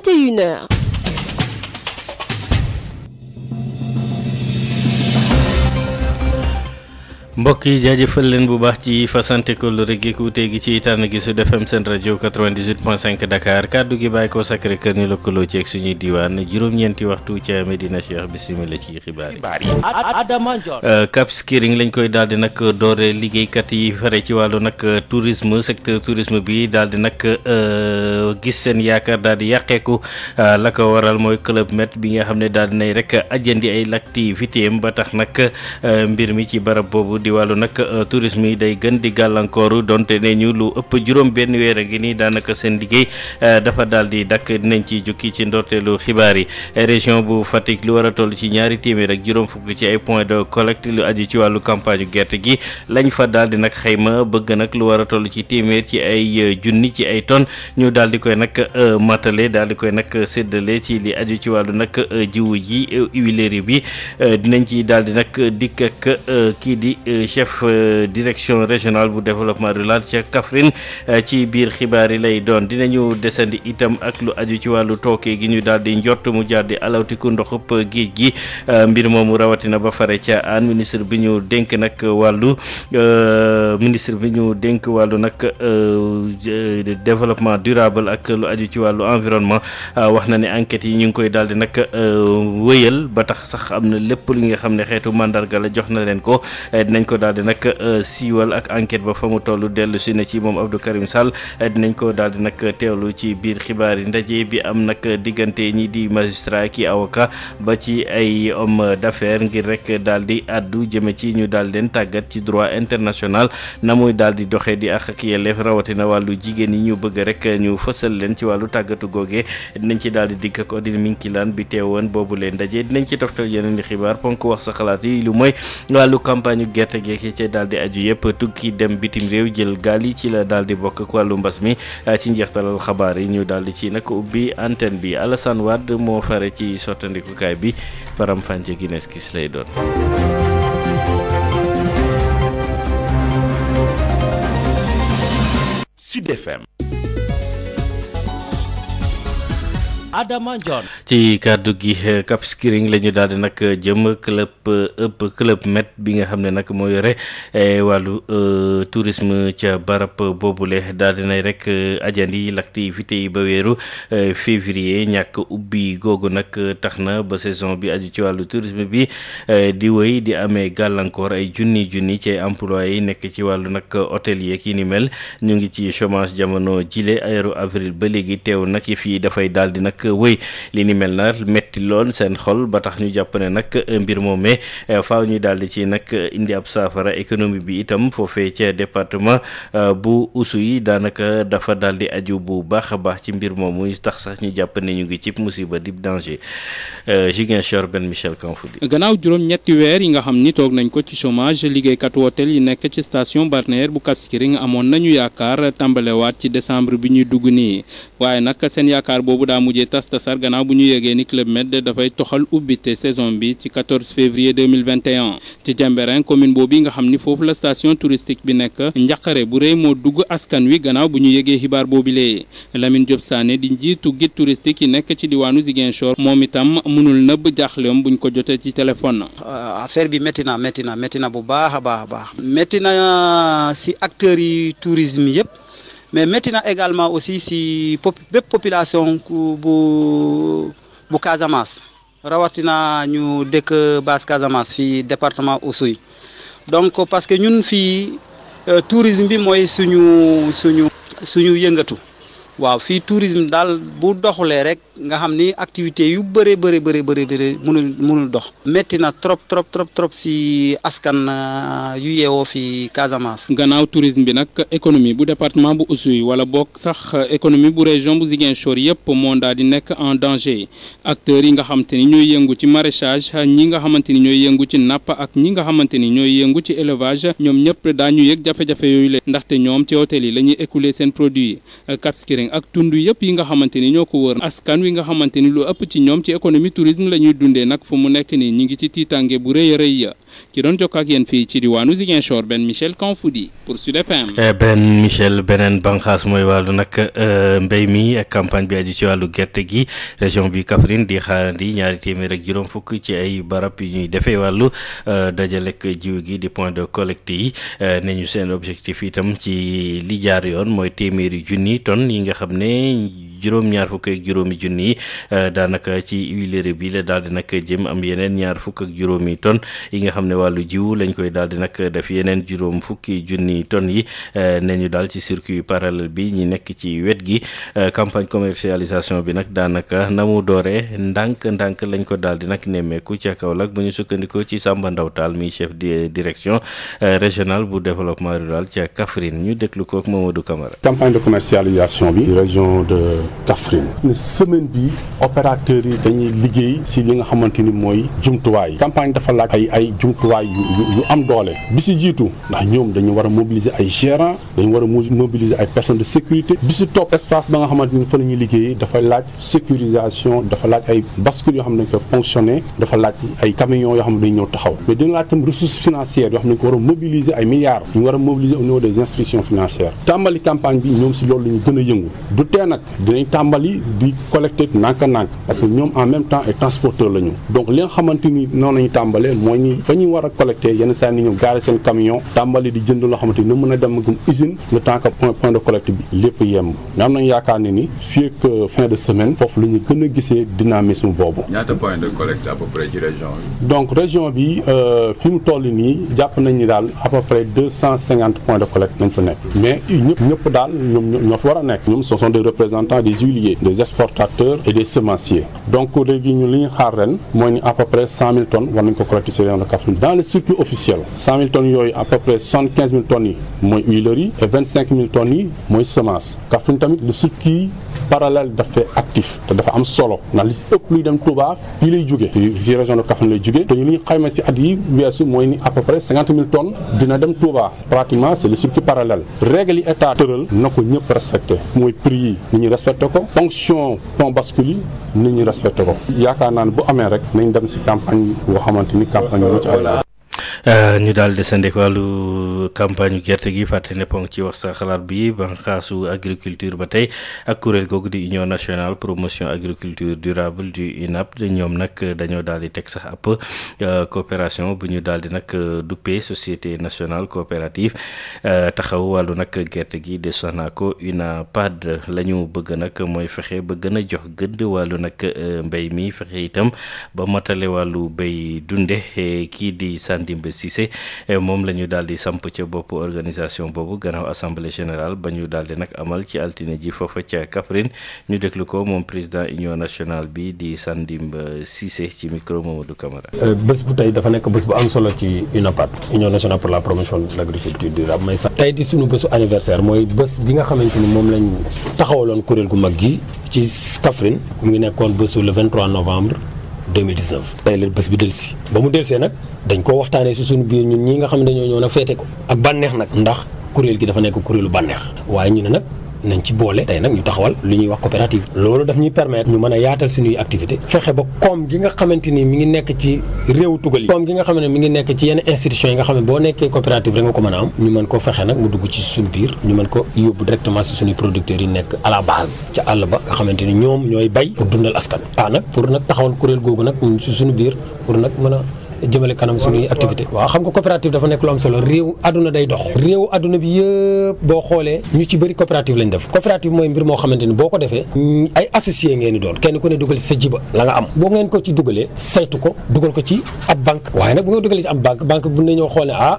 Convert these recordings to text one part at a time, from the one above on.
21h. mbokk yi jaajëfal leen bu baax ci fasante kóllëre rek écouté gi ci tànn gi Sud FM seen rajo 98.5 Dakar kàddu gi bàyyi ko Sacré Cœur ñu lëkkaloo ci ak suñuy diwaan juróom-ñeenti waxtu ci Medina Cheikh bisimila ci xibaar yi. Adama Ndione. Euh, Cap Skiring lañ koy daal di nag doore liggéeykat yi fare ci wàllu nag tourisme secteur tourisme bi daal di nag euh, gis seen yaakaar daal di yàqeeku euh, la ko waral mooy Club Med bi nga xam ne daal di nay rek ajandi ay activité am ba tax nag mbir mi ci barab boobu. di wàllu nag euh, tourisme yi day gën di gàllankoor donte ne ñu lu ëpp juróom benn weer a ngi nii daanaka seen liggéey euh, dafa daal di dakk dinañ ci jukki ci ndorteelu xibaar yi région bu Fatick lu war a toll ci ñaari téeméer ak juróom fukk ci ay point de collecte lu aju ci wàllu campagne gerte gi lañ fa daal di nag xayma bëgg nag lu war a toll ci téeméer ci ay euh, junni ci ay ton ñu daal di koy nag matale daal di koy nag séddale ci li aju ci wàllu nag jiwu ji huilerie bi ci daal di nag dikk kii di chef euh, direction régionale bu développement rural ca Kaffrine euh, ci biir xibaar yi lay doon dinañu desandi itam ak lu aju ci wàllu tooke gi ñu daal di njott mu jaar di alawtiku ndoxub géej gi euh, mbir moomu rawatina ba fare ca an ministre bi ñu dénk nag wàllu ministre bi ñu dénk wàllu nag développement durable ak lu aju ci wàllu environnement wax na ne enquêtes yi ñu ngi koy daal di nag wëyal ba tax sax am na lépp li nga xam ne xeetu mandarga la jox na leen ko dinañ ko daal di nag euh, siiwal ak enquête ba fa si na ci moom Abdou Karim euh, dinañ ko daal nag teewlu ci biir xibaar yi ndaje bi am nag diggante ñi di magistrat ki avocat ba ci ay homme d'affaires ngir rek daal di addu jëme ci ñu daal leen tàggat ci droit international na muy daal di doxee di àq ak yelleef rawatina wàllu jigéen yi ñu bëgg rek ñu fësal leen ci wàllu tàggatu googe dinañ ci daal di dikk ak Odile Minkilaan bi teewoon boobu leen ndaje dinañ ci toftal yeneen i xibaar ponk wax sa xalaat yi lu mooy wàllu campagne gerte gerte geeg yi aju yëpp tukki dem bitim réew jël gaal yi ci la daal bokk wàllu mbas mi ah, ci njeextalal xabaar yi ñu daldi ci nag ubbi antenne bi Alassane Wade moo fare ci sottandikukaay bi faram fànce Guinness kis lay doon. Adama Ndione. ci kàddu gi eh, Cap Skirring la ñu daal di nag eh, jëm club eh, ëpp club Med bi nga xam ne nag moo yore wàllu tourisme ca barab boobule daal di nay rek ajandi l'activité yi ba weeru février ñàkk ubbi googu nag tax na ba saison bi aju ci wàllu tourisme bi di wëy di amee gàllankoor ay junni junni ci employé yi nekk ci wàllu nag hôtel yi ak yi ni mel ñu ngi ci chômage jamono jile aéro avril ba léegi teew nag yi fii dafay daal di nag. nag wéy li ni mel na metti lool seen xol ba tax ñu jàpp ne nag mbir moomee eh, faaw ñu daal di ci nag indi ab saafara économie bi itam foofee ca département eh, bu yi daanaka dafa daal di aju bu baax a baax ci mbir moom moomu tax sax ñu jàpp ne ñu ngi cib musiba di danger eh, Ziguinchor benn Michel Kanfoudi. gannaaw juróom-ñetti weer yi nga xam ni toog nañ ko ci chômage liggéeykatu hôtel yi nekk ci station balnéaire bu Cap Skirring amoon nañu yaakaar tàmbalewaat ci décembre bi ñuy dugg nii tas tasar gannaaw bu ñu yëgee ni Club Med dafay toxal ubbite saison bi ci 14 ci Jemberin commune boobu nga xam ni foofu la station touristique bi nekk njaqare bu rëy moo dugg askan wi gannaaw bu ñu yëgee xibaar boobu lee Lamine Diop di njiitu guide touristique yi nekk ci diwaanu Ziguinchor moom itam mënul nëbb jaaxleem buñ ko jotee ci téléphone. Euh, affaire bi métti na métti na métti na bu baax a baax a baax na si acteurs yi tourisme mais métti également aussi si pop population bu bu Casamance rawatina ñu dëkk Basse Casamance fii département Oussouye donc parce que ñun fii euh, tourisme bi mooy suñu suñu suñu yëngatu waaw fii tourisme daal bu doxulee rek. nga xam ni activité yu bëree bëri bëri bëri bëri munul munul dox métti na trop trop trop trop si askan euh, yu yeewoo fi Casamance. gannaaw tourisme bi nag économie bu département bu yi wala bokk sax économie bu région bu Ziguinchor yëpp moo daal di nekk en danger acteurs yi nga xamante ni ñooy yëngu ci maraîchage ñi nga xamante ni ñooy yëngu ci napp ak ñi nga xamante ni ñooy yëngu ci élevage ñoom ñëpp daañu yëg jafe-jafe yooyu la ndaxte ñoom ci hôtel yi la ñuy écouler seen produit Cap yi wi nga xamante ni lu ëpp ci ñoom ci économie tourisme la ñuy dundee nag fu mu nekk nii ñu ngi ci tiitange bu rëy a rëy ya ki doon jokkoo ak yéen fii ci diwaanu Ziguinchor benn Michel Kanfoudi pour Sud FM. Eh, benn Michel beneen banqaas mooy wàllu nag euh, mbay mi ak campagne bi aju ci wàllu gerte gi région bi Kaffrine di di ñaari téeméer ak juróom fukk ci ay barab yu ñuy defee wàllu euh, dajalek jiw gi di point de collecte yi euh, ne ñu seen objectif itam ci li jaar yoon mooy téeméeri junni ton yi nga xam ne juróom-ñaar fukk ak juróomi junni yi daanaka ci huilerie bi la daal di nag jëm am yeneen ñaar fukk xam ne wàllu jiw lañ koy daal di nag def yeneen juróom fukki junni tonnes yi eh, ne ñu daal ci circuit parallèle bi ñi nekk ci wet gi eh, campagne commercialisation bi nag daanaka na mu doore ndank ndànk lañ ko daal di nag nemmeeku ca Kaolack bu ñu sukkandikoo ci Samba Ndaw Taal mi chef de direction eh, régional bu développement rural ca Kaffrine ñu déglu ko ak du Camara. campagne de commercialisation bi. région de Kaffrine. ne semaine bi opérateurs yi dañuy liggéey si li ni mooy jumtuwaay. jumtuwaay yu yu am doole bi si jiitu ndax ñoom dañu war a mobiliser ay gérants dañu war a ay personnes de sécurité bi si topp espace ba nga xamante ni fa la liggéey dafa laaj sécurisation dafa laaj ay bascule yoo xam ne dañ ko fonctionner dafa laaj ay camions yoo xam ne dañu ñëw taxaw mais dina laaj tam ressources financières yoo xam ne ko war a mobiliser ay milliards ñu war a mobiliser des institutions financières tàmbali campagne bi ñoom si ñu war a collecté yenn saa yi ñu gaare seen camion tàmbali di jënd loo xamante mën a dem gum usine le temps point de collecte bi lépp yemb mais am nañu yaakaar ne ni fii ak euh, fin de semaine foofu la ñu gën a gisee dynamisme boobu. donc région bi euh, fi mu toll nii jàpp nañ daal à peu près de collecte nañ fa nekk mais ñëpp ñëpp daal ñoom ñoo fa war a nekk ñoom ce sont des représentants des des exportateurs et des semenciers donc léegi dans les structures officielles 100 000 tonnes yooyu à peu près yi mooy huilerie et 25 000 yi mooy semence Kaffrine tamit le circuit parallèle dafa actif te dafa am solo ndax li ëpp luy dem Touba fii lay jóge te ñu li ñu xayma si at yi weesu mooy ni à peu près dina dem Touba pratiquement c'est le circuit parallèle règle yi état tëral na ko ñëpp respecté mooy prix yi nit ñi respecté ko ponction pont bascule yi nit ñi respecté ko yaakaar naa bu amee rek nañ dem si [r] euh, ñu daal desandeeg wàllu %e campagne gerte gi fàttali ne ponk ci wax sa xalaat bi bànqaasu agriculture ba tey ak kuréel googu di union :fra nationale :fra promotion agriculture durable :fra di UNAP ñoom nag dañoo daal di teg sax ab [r] euh, coopération bu ñu daal di nag %e duppee société :fra nationale :fra coopérative %e taxawu wàllu nag gerte gi di Sonacos UNAPAD la ñu bëgg nag mooy fexe ba gën a jox gëdd wàllu nag %e mbéy mi fexe itam ba matale wàllu béy dundee kii di Sadibou Cissé eh, moom la ñu daal di samp ca bopp organisation boobu gannaaw assemblée générale ba ñu daal di nag amal ci altine ji foofa ca Kaffrine ñu déglu ko moom président union nationale bi di Sandimba eh, Cissé ci micro Mamadou Camara. Eh, bés bu tey dafa nekk bés bu am solo ci UNAPAD union nationale pour la promotion de l' agriculture durable may sax tey di sunu bésu anniversaire mooy bés bi nga xamante ni moom lañ taxawaloon kuréel gu mag gi ci Kaffrine mu ngi nekkoon bésu le 23 novembre. 2019 tey la bés bi delsi ba mu delsee nag dañ koo waxtaanee si suñu biir ñun ñi nga xam ne dañoo ñëw nag féete ko ak bànneex nag ndax kuréel gi dafa nekk kuréelu bànneex waaye ñu ne nag nañ ci boole tey nag ñu taxawal lu ñuy wax coopérative loolu daf ñuy permettre ñu mën a yaatal suñuy activité fexe ba koom gi nga xamante ni mi ngi nekk ci réew tugal yi koom gi nga xam ne mi ngi nekk ci yenn institution yi nga xam ne boo nekkee coopérative rek nga ko mën a am ñu mën ko fexe nag mu dugg ci suñu biir ñu mën ko yóbbu directement si suñuy producteurs yi nekk à la base ca àll ba nga xamante ni ñoom ñooy bay pour dundal askan ah nag pour na taxawal kuréel googu suñu biir pour nag mën a jëmale kanam suñuy activité waaw xam nga coopérative dafa nekk lu am solo réew adduna day dox réew adduna bi yëpp boo xoolee ñu ci bëri coopérative lañ def moo xamante ni boo ko defee ay associé ngeen di doon ko ci dugalee saytu ko dugal ko ci ab banque waaye nag bu nga dugalee ci ab ah,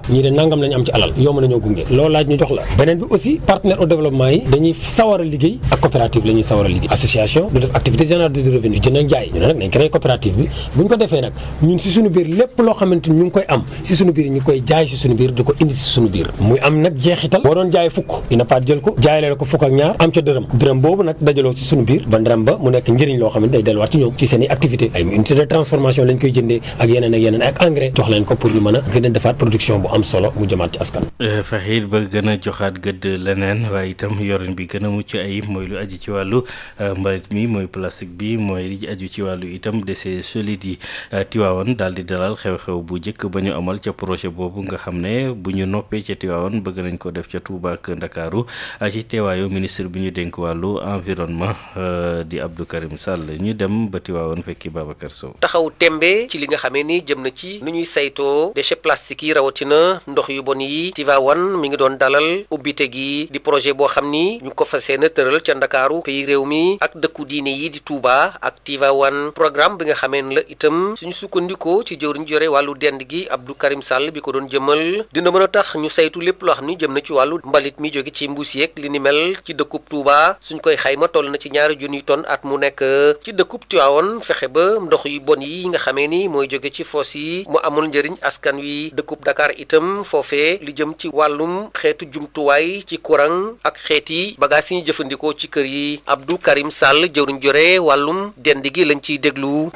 liggéey association du def activité génératrice de revenu jënd ak jaay ñu ne nag nañ créé coopérative bi buñ ko defee nag ñun si suñu biir lépp loo xamante ni ñu ngi koy am si suñu biir ñu koy jaay si suñu biir di ko indi si suñu biir muy am nag jeexital boo doon jaay fukk dina paat jël ko jaay leen ko fukk ak ñaar am ca dërëm dërëm boobu nag dajaloo si suñu biir ba dërëm ba mu nekk njëriñ loo xam ne day delluwaat ci ñoom ci seen i activité ay unité de transformation lañ koy jëndee ak yeneen ak yeneen ak engrais jox leen ko pour ñu mën a gën a defaat production bu am solo mu jëmaat ci askan eh, fexeel ba gën a joxaat gëdd leneen waaye itam yorin bi gën a mucc ayib mooy lu aju ci wàllu eh, mbalit mi mooy plastique bi mooy li aju ci wàllu itam déchets solides yi eh, Tiwaawan daal di dalal xew-xew bu njëkk ba ñu amal ca projet boobu nga xam ne bu ñu noppee ca Tivaouane bëgg nañ ko def ca Touba ak Ndakaaru ah, ci teewaayu ministre bi ñu dénk wàllu environnement euh, di Abdou Karim Sall ñu dem ba Tivaouane fekki Babacar Sow. taxaw tembe ci li nga xamee ni jëm na ci nu ñuy saytoo déchets plastiques yi rawatina ndox yu bon yi Tivaouane mu ngi doon dalal ubbite gi di projet boo xam ni ñu ko fas yéene tëral ca Ndakaaru pays réew mi ak dëkku diine yi di Touba ak Tivaouane programme bi nga xamee itam suñu sukkandikoo ci jëwriñ ñu jore wàllu dend gi Abdou Karim Sall bi ko doon jëmal dina mën a tax ñu saytu lépp loo xam ni jëm na ci wàllu mbalit mi jóge ci mbuus yeeg li ni mel ci dëkkub Touba suñ koy xayma toll na ci ñaari junniy tonnes at mu nekk ci dëkkub Tiwaawoon fexe ba ndox yi bon yi nga xamee ni mooy jóge ci foos yi mu amul njariñ askan wi dëkkub Dakar itam foofe li jëm ci wàllum xeetu jumtuwaay ci courant ak xeet yi bagages yi ñu jëfandikoo ci kër yi Abdou Karim Sall jëwriñ jore wàllu dend gi lañ ciy déglu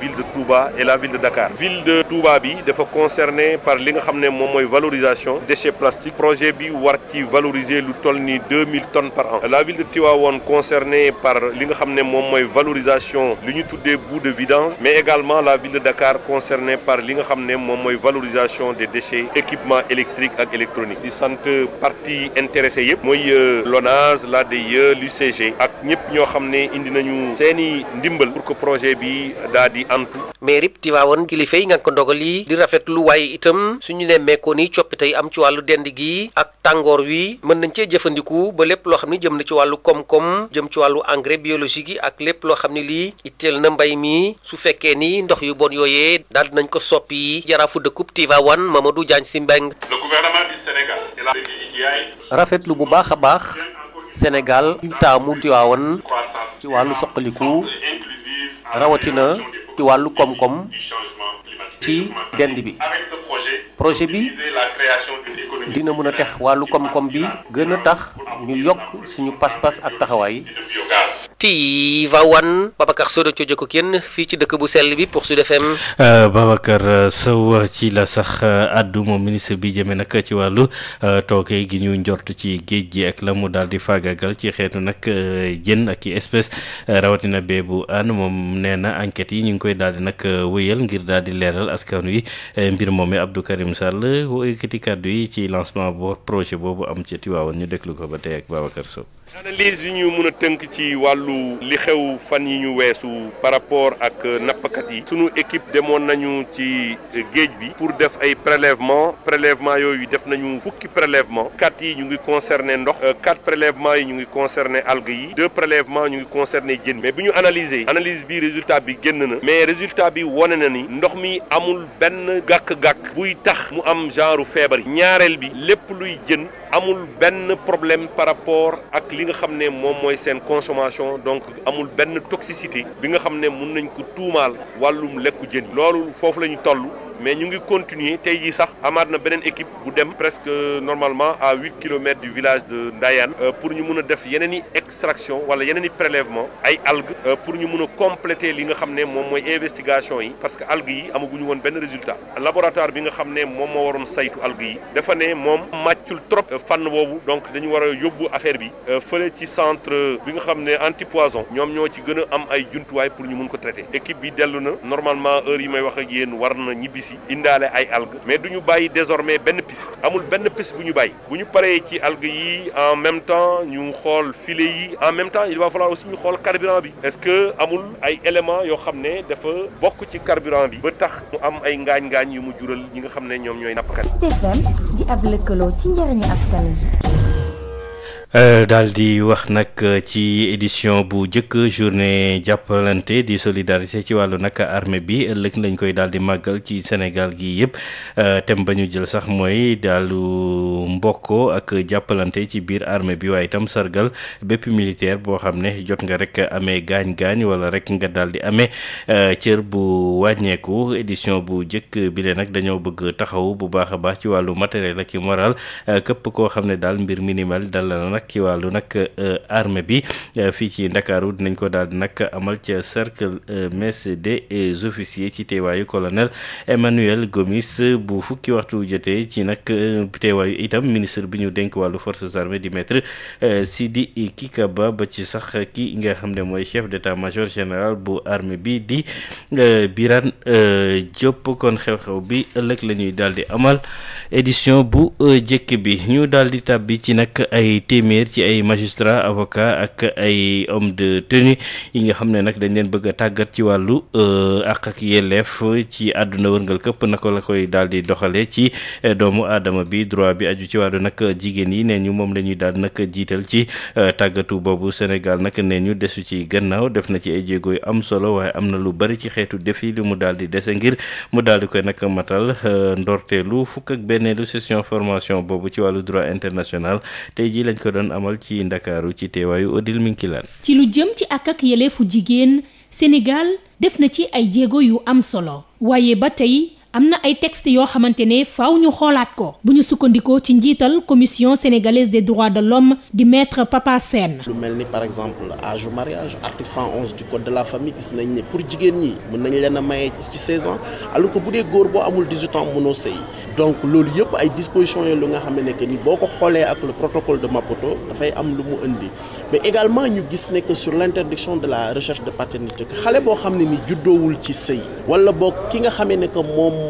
ville de Touba et la ville de Dakar ville de Touba bi dafa concerné par li nga xam ne moom mooy valorisation déchets plastiques projet bi war ci valoriser lu toll ni 2000 tonnes par an la ville de woon concernée par li nga xam ne moom mooy valorisation li ñu tuddee bout de vidange mais également la ville de Dakar concernée par li nga xam ne moom mooy valorisation de déchets équipements électriques ak électroniques di sant parties intéressées yëpp mooy euh, l'ONAS l'ADIE l'UCG ak ñëpp ñoo xam ne indi nañu seeni ndimbal pour que projet bi antu meerib Tiwaawoon kilifa yi nga ko ndogal yi di rafetlu waaye itam suñu nemmeekoo ni coppite am ci wàllu dend gi ak tàngoor wi mën nañ cee jëfandiku ba lépp loo xam ne jëm na ci wàllu koom-koom jëm ci wàllu engrais biologique yi ak lépp loo xam ne lii iteel na mbay mi su fekkee ni ndox yu bon yooyee daal dinañ ko soppi jaraafu dëkkub Tiwaawoon Mamadou Diagne du Mbengue le gouvernement du Sénégal rafetlu bu baax a baax senegal taamu Tiwaawoon ci wàllu soqaliku rawatina ci wàllu koom-koom ci dénd bi projet bi dina mën a tax wàllu koom-koom bi gën a tax ñu yokk suñu pas-pas ak taxawaay Tivaouane Babacar Sow dañ ko jokk ko kenn fii ci dëkk bu sell bi pour Sud FM. Euh, Babacar euh, Sow ci la sax euh, addu moom ministre bi jëmee nag ci wàllu tooke gi ñu njort ci géej gi ak la mu daal di faagaagal ci xeetu nag jën ak i espèce rawatina bee bu ànd moom nee na enquêtes yi ñu ngi koy daal di nag wéyal ngir daal di leeral askan wi mbir moom mi Abdou Karim Sall yëkkati kàddu yi ci lancement bu projet boobu am ca Tivaouane ñu déglu ko ba tey ak Babacar Sow. analyse yi ñu mën a tënk ci wàllu li xew fan yi ñu weesu par rapport ak nappkat yi sunu équipe demoon nañu ci géej bi pour def ay prélèvement prélèvement yooyu def nañu fukki prélèvement quatre yi ñu ngi concerné ndox euh, quatre prélèvement yi ñu ngi concerné algues yi deux prélèvement ñu ngi concerné jën mais bi ñu analyser analyse bi résultat bi génn na mais résultat bi wone na ni ndox mi amul benn gàkk-gàkk buy tax mu am genre feebar ñaareel bi lépp luy jën amul benn problème par rapport ak li nga xam ne moom mooy seen consommation donc amul benn toxicité bi nga xam ne mun nañ ko tuumaal wàllum lekku jën loolu foofu la ñu toll mais ñu ngi continuer tey jii sax amaat na beneen équipe bu dem presque normalement à huit kilomètres du village de Ndayane euh, pour ñu mun a def yeneen i extraction wala yeneen i prélèvement ay algues euh, pour ñu mun a compléter li nga xam ne moom mooy investigation yi parce que algues yi amaguñu woon benn résultat laboratoire bi nga xam ne moom moo waroon saytu algues yi dafa ne moom màccul trop euh, fànn boobu donc dañu war a yóbbu affaire bi fële ci centre bi nga xam ne antipoison ñoom ñoo ci gën a am ay jumtuwaay pour ñu mun ko traiter équipe bi dellu na normalement heure yi may wax ak yéen war ñibbisi si indaale ay algues mais du ñu bàyyi désormais benn piste amul benn piste bu ñu bàyyi bu ñu paree ci algues yi en même temps ñu xool file yi en même temps il va falloir aussi ñu xool carburant bi est que amul ay éléments yoo xam ne dafa bokk ci carburant bi ba tax mu am ay ngaañ-ngaañ yu mu jural ñi nga xam ne ñoom ñooy nappkat. Sud FM di ab lëkkaloo ci njëriñu askan wi. Euh, daal di wax nag euh, ci édition bu njëkk journée jàppalante di solidarité ci wàllu nag armée bi ëllëg lañ koy daal di màggal ci Sénégal gi yëpp euh, thème ba ñu jël sax mooy daalu mbokkoo ak jàppalante ci biir armée bi waaye itam sargal bépp militaire boo xam ne jot nga rek amee gaañ-gaañ wala rek nga daal di amee cër bu wàññeeku édition bu njëkk bi le nag dañoo bëgg taxaw bu baax a baax ci wàllu matériel ak moral képp koo xam ne daal mbir minimal dal na nag ci wàllu nag euh, bi euh, fii ci ndakaaru dinañ ko daal di nag amal ca cercle de euh, des officiers ci teewaayu colonel Emmanuel Gomis bu fukki waxtu jotee ci nag teewaayu itam ministre bi ñu dénk wàllu forces armées di si di Kikaba ba ba ci sax ki nga xam ne mooy chef d'état-major général bu armée bi di Birane Diop kon xew-xew bi ëllëg lañuy ñuy daal di amal édition bu jëkk bi ñu daal tàbbi ci nag ay téeméer téeméer ci ay magistrats avocats ak ay hommes de tenue yi nga xam ne nag dañ leen bëgg a tàggat ci wàllu euh, àq ak yelleef ci àdduna wërngal këpp naka la koy daal di doxalee ci euh, doomu aadama bi droit bi aju ci wàllu nag jigéen yi nee ñu moom lañuy ñuy daal nag jiital ci euh, tàggatu boobu Sénégal nag nee ñu desu ci gannaaw def na ci ay jéego yu am solo waaye am na lu bari ci xeetu défi li mu daal di dese ngir mu daal di koy nag matal ndorteelu fukk ak benneelu session formation boobu ci wàllu droit international doon amal ci ndakaaru ci teewaayu Odile Minkilaan ci lu jëm ci ak ak yelleefu jigéen Sénégal def na ci ay jéego yu am solo waaye ba tey am na ay textes yoo xamante ne faaw ñu xoolaat ko bu ñu sukkandikoo ci njiital commission sénégalaise de droits de l'homme di maître Papa Sène lu mel ni par exemple âge u mariage article 111 du code de la famille gis nañ ne pour jigéen ñi mën nañ leen a maye ci 16 ans alors que bu dee góor boo amul 18 ans mënoo sëy donc loolu yëpp ay dispositions yooyu lu nga xam ne que ni boo ko xoolee ak le protocole de Maputo dafay am lu mu indi mais également ñu gis ne que sur l' interdiction de la recherche de paternité xale boo xam ne ni juddoowul ci sëy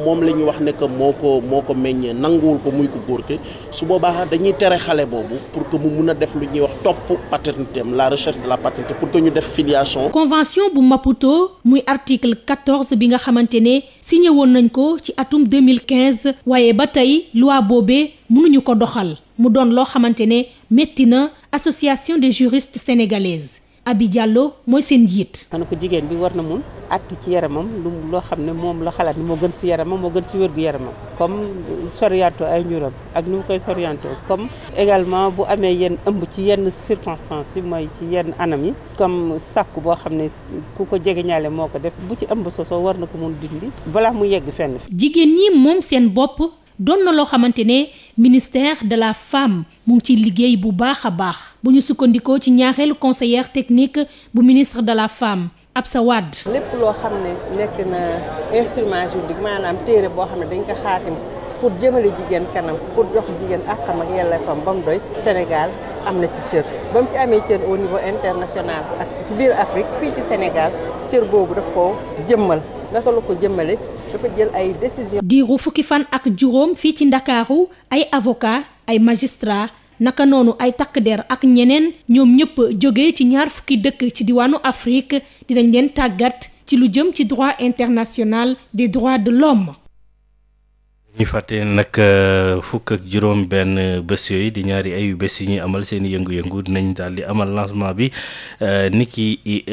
moom la ñuy wax ne que moo ko moo ko meññee nanguwul ko muy ko góor ke su boobaa dañuy tere xale boobu pour que mu mun a def lu ñuy wax topp paternité am la recherche de la paternité pour que ñu def filiation. convention bu Maputo muy article quatorze bi nga xamante ne signé woon nañ ko ci atum deux mille quinze waaye ba tey loi boobee ñu ko doxal mu doon loo xamante ne métti na association des juristes sénégalaises. Abi Diallo mooy seen njiit. xanaa ko jigéen bi war na mun àtt ci yaramam lu loo xam ne moom la xalaat ni moo gën si yaramam moo gën si wérgu yaramam comme sorianto ay njuram ak ni mu koy sorianto comme également bu amee yenn ëmb ci yenn circonstances yi mooy ci yenn anam yi comme sàkk boo xam ne ku ko jege ñaale moo ko def bu ci ëmb sosoo war na ko mun dindi balaa mu yegg fenn fi jigéen ñi moom seen bopp doon na loo xamante ne ministère de la femme mu ngi ciy liggéey bu baax a baax bu ñu sukkandikoo ci ñaaxeelu conseillère technique bu ministre de la femme Absa Wade lépp loo xam ne nekk na instrument juridique maanaam téere boo xam ne dañ ko xaatim pour jëmale jigéen kanam pour jox jigéen àqam ak yelleefam ba bam doy Sénégal am na ci cër ba ci amee cër au niveau international ak biir Afrique fii ci Sénégal cër boobu dafa ko jëmmal naka la ko jëmmale dafa jël ay décision diiru fukki fan ak juróom fii ci ndakaaru ay avoca ay magistrat naka noonu ay takk der ak ñeneen ñoom ñëpp jóge ci ñaar fukki dëkk ci diwaanu Afrique dinañ leen tàggat ci lu jëm ci droit international des droits de l'homme ñu fàtte nag euh, fukk ak juróom-benn bés yooyu di ñaari ayu bés yu ñuy amal seen yëngu-yëngu dinañ daal di amal lancement bi euh, ni ki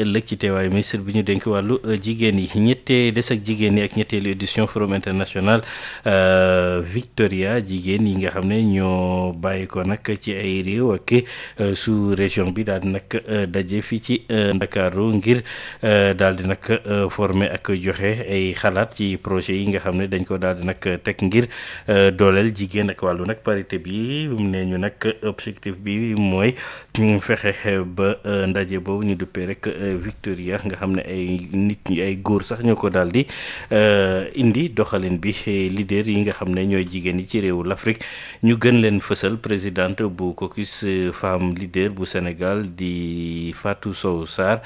ëllëg ci teewaayu ministre bi ñu dénk wàllu euh, jigéen yi ñettee des ak jigéen yi ak ñetteelu édition forum international Victoria jigéen yi nga xam ne ñoo bàyyi ko nag ci ay réew ak sous région bi daal di nag daje fii ci Ndakaaru ngir daal di nag former ak joxe ay xalaat ci projet yi nga xam ne dañ ko daal di nag teg ngir ngir euh, dooleel jigéen ak wàllu nag parité bi mu ñu nag objectif bi mooy fexe ba euh, ndaje boobu ñu duppee rek euh, Victoria nga xam ne ay nit ñu ay góor sax ñoo ko daal di indi doxalin bi leader yi nga xam ne ñooy jigéen yi ci réewu l'Afrique ñu gën leen fësal présidente bu caucus femme leader bu senegal di faatu Sow Sarr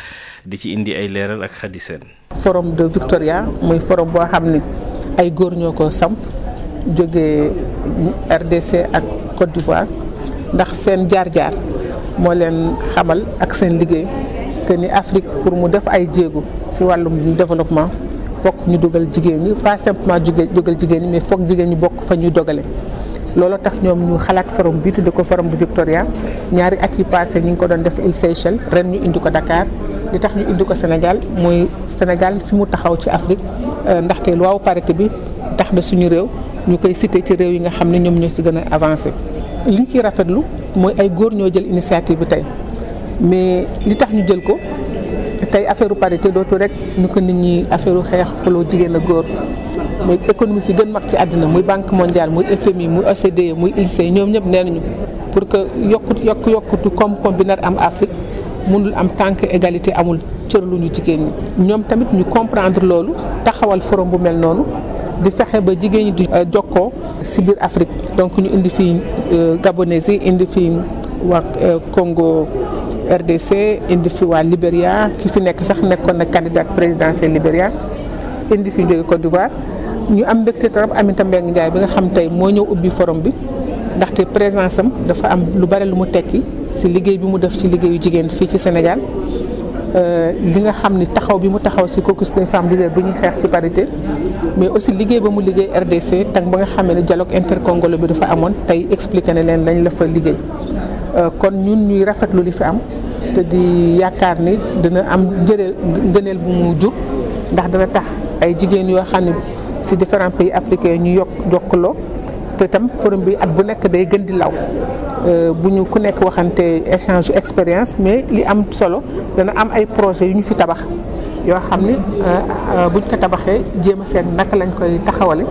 di ci indi ay leeral ak xadiseen forum jóge RDC ak Côte d'Ivoire ndax seen jaar-jaar moo leen xamal ak seen liggéey que ni Afrique pour mu def ay jéego si wàllum développement fokk ñu dugal jigéen ñi pas simplement jóge jógal jigéen ñi mais fokk jigéen ñi bokk fa ñuy dogale looloo tax ñoom ñu xalaat forom bi tudde ko forum du Victoria ñaari at yi passé ñu ngi ko doon def Îles Seychelles ren ñu indi ko dakaar li tax ñu indi ko senegal mooy Sénégal fi mu taxaw ci Afrique euh, ndaxte loi parité bi tax na suñu réew ñu koy cité ci réew yi nga xam ne ñoom ñoo si gën a avancé liñ ciy rafetlu mooy ay góor ñoo jël initiative bi tey mais li tax ñu jël ko tey affaire parité dootu rek ñu ko nit ñi affaire xeex loo jigéen a góor mooy économie si gën mag ci àddina muy banque mondiale muy FMI muy OCDE muy ILC e, ñoom ñëpp nee nañu pour que yokku yokk yokkutu koom-koom bi nar am Afrique mënul am tànk égalité amul cër lu ñu jigéen ñi ñoom tamit ñu comprendre loolu taxawal forum bu mel noonu di fexe ba jigéen ñi di euh, jokkoo si biir Afrique donc ñu indi fii euh, gabonais yi indi fii waa euh, Congo RDC indi fi waa Libéria ki fi nekk sax nekkoon nag candidat présidentiel Libéria indi fi jóge Côte d'Ivoire ñu am mbégte trop Aminata Mbengue Ndiaye bi nga xam tey moo ñëw ubbi forom bi ndaxte présence am dafa am lu bare lu mu tekki si liggéey bi mu def ci liggéeyu jigéen fii ci Sénégal Euh, li nga xam ni taxaw bi mu taxaw si caucus des femmes leaders bu ñu xeex ci parité mais aussi liggéey ba mu liggéey RDC tang ba nga xamee ne dialogue intercongolais bi dafa amoon tey expliqué ne leen lañ la fa liggéey euh, kon ñun ñuy rafetlu li fi am te di yaakaar ni dina am njëreel ngëneel bu mu jur ndax dana tax ay jigéen yoo xam ne si différents pays africains ñu yokk jokkaloo te tam forum bi at bu nekk day gën di law Euh, bu ñu ku nekk waxante échange expérience mais li am solo dana am ay projets yu ñu fi tabax yoo xam ne euh, euh, buñ ko tabaxee jéem a seet naka lañ koy taxawale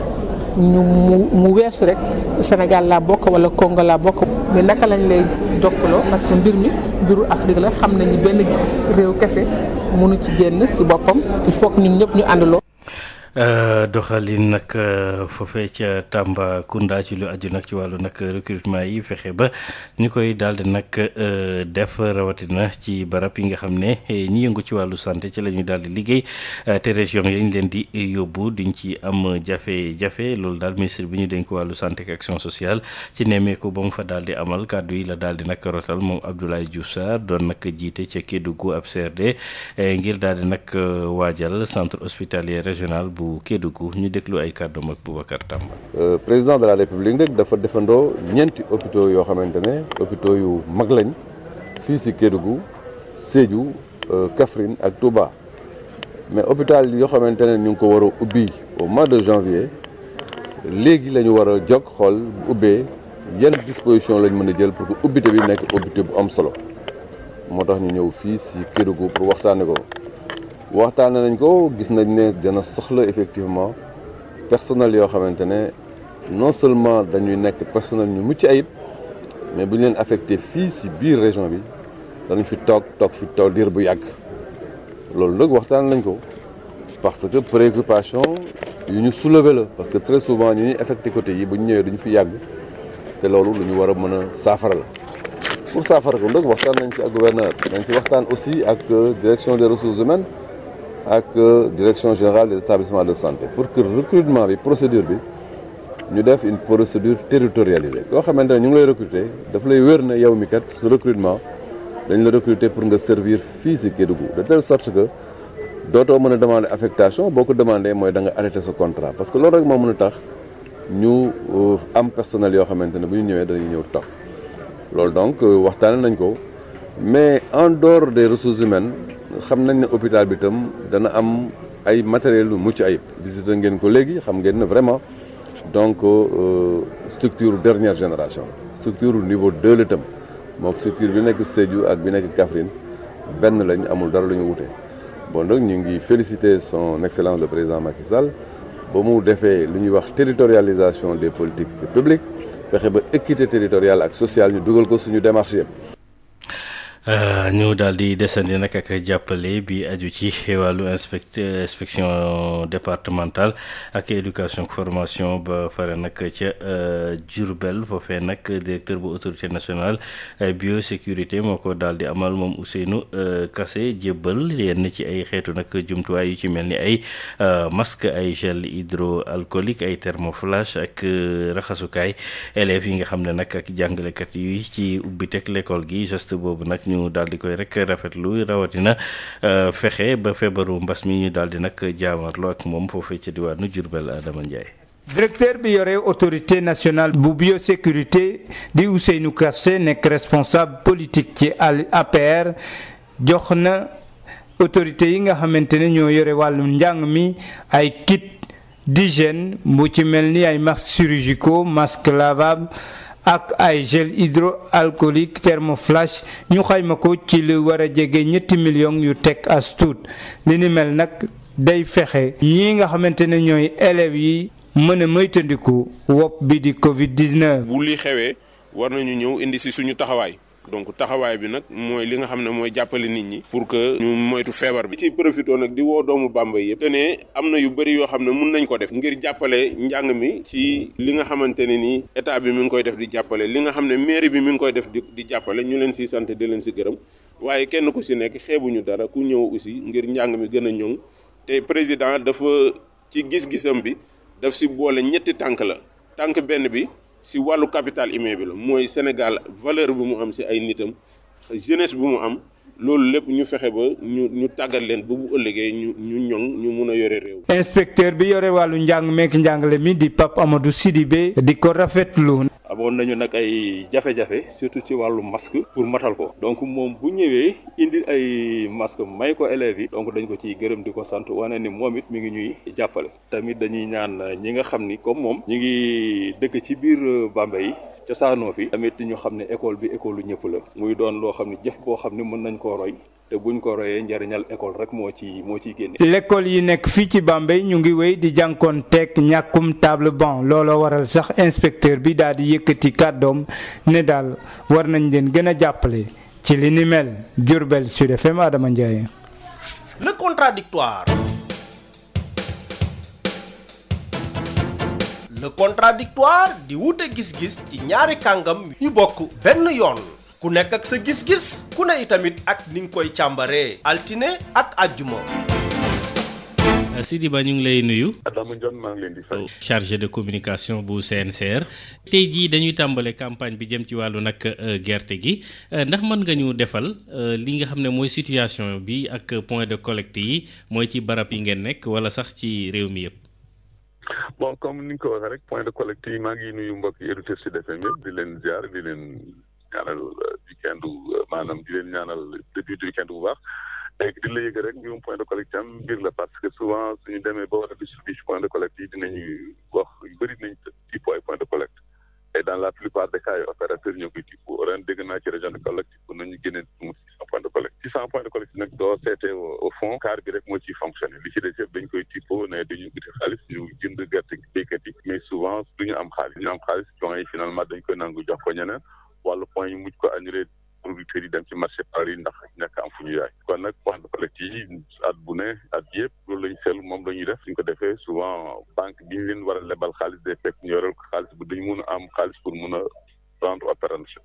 ñu mu mu weesu rek Sénégal laa bokk wala Congo laa bokk mais naka lañ lay jokkaloo parce que mbir mi mbiru Afrique la xam ñi benn réew kese mënu ci génn si boppam il faut que ñun ñëpp ñu àndaloo. Euh, doxalin nag euh, foofee ca Tambacounda ci lu aju nag ci wàllu nag recrutement yi fexe ba ñu koy daal di nag euh, def rawatina ci barab yi nga xam ne eh, ñi yëngu ci wàllu santé ci la ñuy daal di liggéey te région yi leen di yóbbu duñ ci am jafe-jafe loolu daal ministre bi ñu dénk wàllu santé ak sociale ci nemmeeku ba mu fa daal di amal kàddu yi la daal di nag rotal moom Abdoulaye Diouf Sarr doon nag jiite ca Kédougou ab CRD eh, ngir daal di nag waajal centre hospitalier régional bu Kédougou ñu déglu ay kàddoom ak Boubacar Tamba. Euh, président de la république rek dafa defandoo ñeenti hôpitaux yoo xamante ne hôpitaux yu mag lañ fii si Kédougou Sédhiou euh, Kaffrine ak Touba mais hôpital yoo xamante ne ñu ngi ko war a ubbi au mois de janvier léegi lañu ñu war a jog xool bu ubbee yan disposition lañ mën a jël pour que ubbite bi nekk ubbite bu am solo moo tax ñu ñëw fii si Kédougou pour waxtaane ko. waxtaan nañ ko gis nañ ne dana soxla effectivement personnel yoo xamante ne non seulement dañuy nekk personnel ñu mucc ayib mais bu ñu leen affecté fii si biir région bi danañ fi toog toog fi toog diir bu yàgg loolu nag waxtaan lañ ko parce que préoccupation yu ñu soulever la parce que très souvent ñu ñuy affecté côté yi bu ñu ñëwee duñu fi yàgg te loolu lu ñu war a mën a saafara la pour saafara ko nag waxtaan nañ si ak gouverneur nañ si waxtaan aussi ak euh, direction des ressources humaines ak euh, direction générale des établissements de santé pour que recrutement bi procédure bi ñu def une procédure territorialisée koo xamante ne ñu ngi lay recruter daf lay wér ne yow mi kat su recrutement dañ la recruter pour nga servir fii si Kédougou de telle sorte que dootoo mën a demander affectation boo ko demandé mooy danga nga sa contrat parce que loolu rek moo mën a tax ñu euh, am personnel yoo xamante ne bu ñu ñëwee dañuy ñëw toog loolu donc euh, waxtaane nañ ko mais en dehors des ressources humaines xam nañ ne hôpital bi tam dana am ay matériel yu mucc ayib visité ngeen ko léegi xam ngeen ne vraiment donc euh, structure dernière génération structure niveau deux la tam moo structure bi nekk Sédhiou ak bi nekk Kaffrine benn lañ amul dara lu ñu wute bon donc ñu ngi féliciter son excellence le président Macky Sall ba mu defee lu ñuy wax territorialisation des politiques publiques fexe ba équité territoriale ak sociale ñu dugal ko suñu démarche Euh, ñu daal di desandi nag ak jàppale bi aju ci wàllu inspect inspection départementale ak éducation formation ba fare nag ca euh, Diourbel foofee nag directeur bu autorité nationale euh, biosécurité moo ko daal di amal moom Ousseynou kase jébbal yenn ci ay xeetu nag jumtuwaay yu ci mel ni ay masque ay gel hydroalcoolique ay thermoflash ak raxasukaay élèves yi nga xam ne nag ak jàngalekat yi ci ubbi teg gi geste boobu nag. ñu daal di koy rek rafetlu rawatina euh, fexe ba feebaru mbas mi ñu daal di nag jaamarloo moom foofee ca diwaanu Diourbel Adama Ndiaye. directeur bi yore autorité nationale bu biosécurité di Ousseynou Kassé nekk responsable politique ci APR jox na autorité yi nga xamante ne ñoo yore wàllu njàng mi ay kit d'hygiène bu ci mel ni ay masques chirurgicaux masque lavable ak ay gel hydroalcoolique thermoflash ñu xayma ko ci lu war a jege ñetti million yu teg as tuut li ni mel nag day fexe ñi nga xamante ne ñooy élèves yi mën a moytandiku wopp bi di Covid 19. bu li xewee war nañu ñëw indi si suñu taxawaay. donc taxawaay bi nag mooy li nga xam ne mooy jàppale nit ñi pour que ñu moytu feebar bi ci profité nag di woo doomu Bamba yëpp te ne am na yu bëri yoo xam ne mun nañ ko def ngir jàppale njàng mi ci li nga xamante ni nii état bi mi ngi koy def di jàppale li nga xam ne mairie bi mi ngi koy def di di jàppale ñu leen si sant di leen si gërëm waaye kenn ku si nekk xeebuñu dara ku ñëw aussi ngir njàng mi gën a ñoŋ te président dafa ci gis-gisam bi daf si boole ñetti tànk la tànk benn bi si wàllu capital humain bi la mooy Sénégal valeur bu mu am si ay nitam jeunesse bu mu am loolu lépp ñu fexe ba ñu ñu tàggat leen ba bu ëllëgee ñu ñu ñoŋ ñu mun a yore réew. inspecteur bi yore wàllu njàng meek njàngale mi di Pape Amadou Sidibé di ko rafetlu. amoon nañu nag ay jafe-jafe surtout ci wàllu masque pour matal ko donc moom bu ñëwee indi ay masque may ko élèves yi donc dañ ko ciy gërëm di ko sant wane ni moom it mi ngi ñuy jàppale tamit dañuy ñaan ñi nga xam ni comme moom ñi ngi dëkk ci biir bamba yi cosaanoo fi tamit ñu xam ne école bi école lu ñëpp la muy doon loo xam ne jëf boo xam ne mën nañ ko koo roy ko royee njariñal rek moo ci moo ciy génne. l'école yi nekk fii ci Bambey ñu ngi wéy di jànkoon teeg ñàkkum table looloo waral sax inspecteur bi daal di yëkkati kàddoom daal war nañ leen gën a jàppale ci li ni mel Diourbel Sud FM Adama Ndiaye. le le contradictoire di wute gis-gis ci ñaari kàngam yu bokk benn yoon. ku nekk ak sa gis-gis ku ne itamit ak ni nga koy càmbaree altine ak àjjuma euh, Sidi Ba ñu ngi lay nuyu. Adama Ndione euh, chargé de communication bu CNCR. tey jii dañuy tàmbale campagne bi jëm ci wàllu nag euh, gerte gi ndax mën nga ñu defal li nga xam ne mooy situation bi ak point de collecte yi mooy ci barab yi ngeen nekk wala sax ci réew mi yëpp. bon comme ni nga ko waxee rek point de collecte yi maa ngi nuyu mbokk yi auditeurs Sud FM yëpp di leen ziar di leen. ñaanal euh, weekend euh, maanaam di leen ñaanal début du weekend bu baax et la yëg rek mbirum point de collecte am mbir la parce que souvent suñu ñu ba war a distribuer point de collecte yi dinañu et dans la plupart des cas yi opérateurs ñoo koy tibb ren dégg naa ci région de collecte pour nañu génne mu six cent point de collecte six cent point de collecte nag au fond car bi rek moo ciy fonctionné li ci des dañ koy tibboo ne dañu uti xaalis ñu jënd gerte béykat yi mais souvent am xaalis ñu am xaalis yi finalement dañ koy nangu jox ko ñeneen wàllu point yi mujj ko annulé producteurs yi dem ci marché Paris ndax ñàkk am fu ñu yaay kon nag point de collecte yi at bu ne at yëpp loolu lañu seetlu moom la ñuy def suñ ko defee souvent banque bi ñu leen war a lebal xaalis day fekk ñu ko xaalis bu dañu mun a am xaalis pour mun a rendre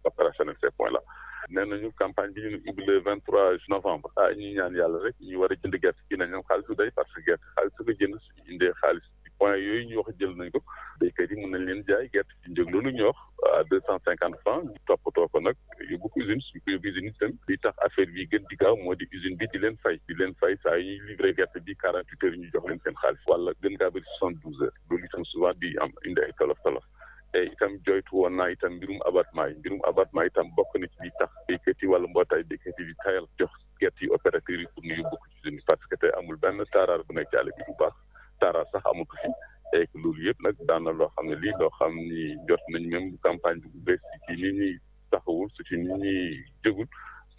opérationnel ces points là nee nañu bi ñu ubbi le vingt trois novembre ah ñuy ñaan yàlla rek ñu war a jënd gerte gi nañ am xaalis bu day parce que gerte xaalis su ko jënd indee xaalis yooyu ñu wax cent cinquante francs ñu toppatoo ko nag yóbbu ko usine suñ ko yóbbu usine itam li tax affaire bi gën di gaaw moo di usine bi di leen fay di leen fay saa yi ñuy livré gerte bi quarante huit heures ñu xaalis wala gën gaa bëri soixante douze heures loolu itam souvent di am indi ay tolof tolof te itam joytu woon naa itam mbirum abattement yi mbirum bokk na ci li tax béykat yi wala mbootaay béykat yi di tayal gerte yi opérateurs yi pour ñu yóbbu parce que tey amul benn taaraar bu nekk ci bi bu baax taaraar sax amatu fi et que loolu yëpp nag daan loo xam ne lii loo xam ni jot nañ même campagne bu bees ci ni ñuy taxawul su ci ni ñuy jëgul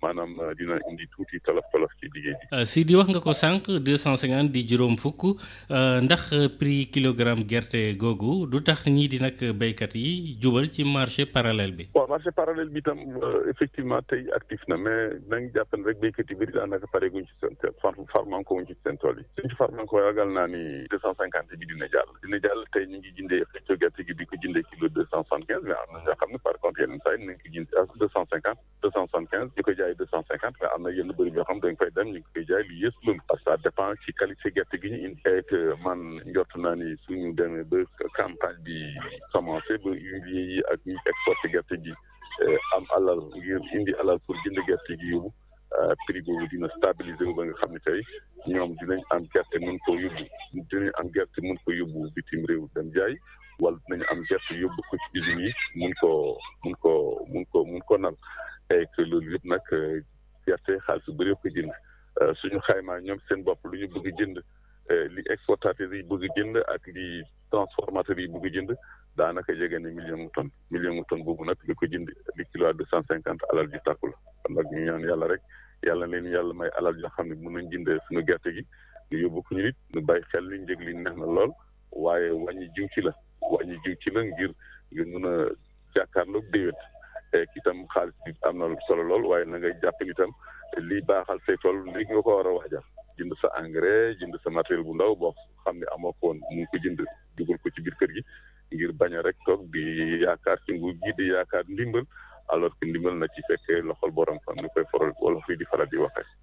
maanaam uh, dina indi tuuti tolof tolof ci liggéey bi. Uh, si di wax nga ko sànq deux cent cinquante di juróom fukk uh, ndax kilo kilogramme gerte googu du tax ñii di nag baykat yi jubal ci marché parallèle bi. waaw marché parallèle bi tam effectivement tey actif na mais nañ jàppan rek béykat yi bëri daanaka pare guñ ci seen farmanko wuñ ci seen yi. suñ ci farmanko ragal naa ni deux cent cinquante bi dina jàll. dina jàll tey ñu ngi jëndee xëccoo gerte gi di ko jëndee kilo na ñoo xam ne par quinze koy jaay deux cent cinquante mais am na yenn bëri yoo xam dañ koy dem ñu ngi koy jaay lu yées loolu parce que ça dépend ci qualité gerte gi ñu indi naa ni suñu demee campagne bi commencé ba huiliers yi ak ñu exporté gerte gi eh, am alal indi alal pour jënd gerte gi yóbbu eh, prix boobu dina stabiliser ba nga xam ne tey ñoom dinañ am gerte mën ko yóbbu dinañ am gerte mën ko yóbbu bitim réew dem jaay wala dinañ am gerte yóbbu ko ci usines yi mun koo koo mun ko mun ko nal et que loolu yëpp nag gerte euh, xaalis bu bëri ko jënd euh, suñu xaymaa ñoom seen bopp lu ñu bëgg jënd euh, li exportateurs yi bëgg jënd ak li transformateurs yi bëgg jënd daanaka jege na million mu tonne million mu tonne boobu nag li ko jënd li kilo à deux cent cinquante alal ji tàkku la kon nag ñaan yàlla rek yàlla leen yàlla may alal joo xam ne mën nañ jënd suñu gerte gi ñu yóbbu ko ñu nit ñu bàyyi xel li njëg li neex na lool waaye wàññi jiw ci la wàññi jiw ci la ngir ngir mën a jàkkaarloog itam xaalis am na solo lool waaye na nga jàpp ni itam lii baaxal say tool li nga ko war a waajal jënd sa engrais jënd sa matériel bu ndaw boo xam ne amoo ko woon mu ko jënd duggul ko ci biir kër gi ngir bañ a rek toog di yaakaar ci nguur gi di yaakaar ndimbal alors que ndimbal na ci fekkee loxol borom fan ni koy faral wala fii di fara di waxee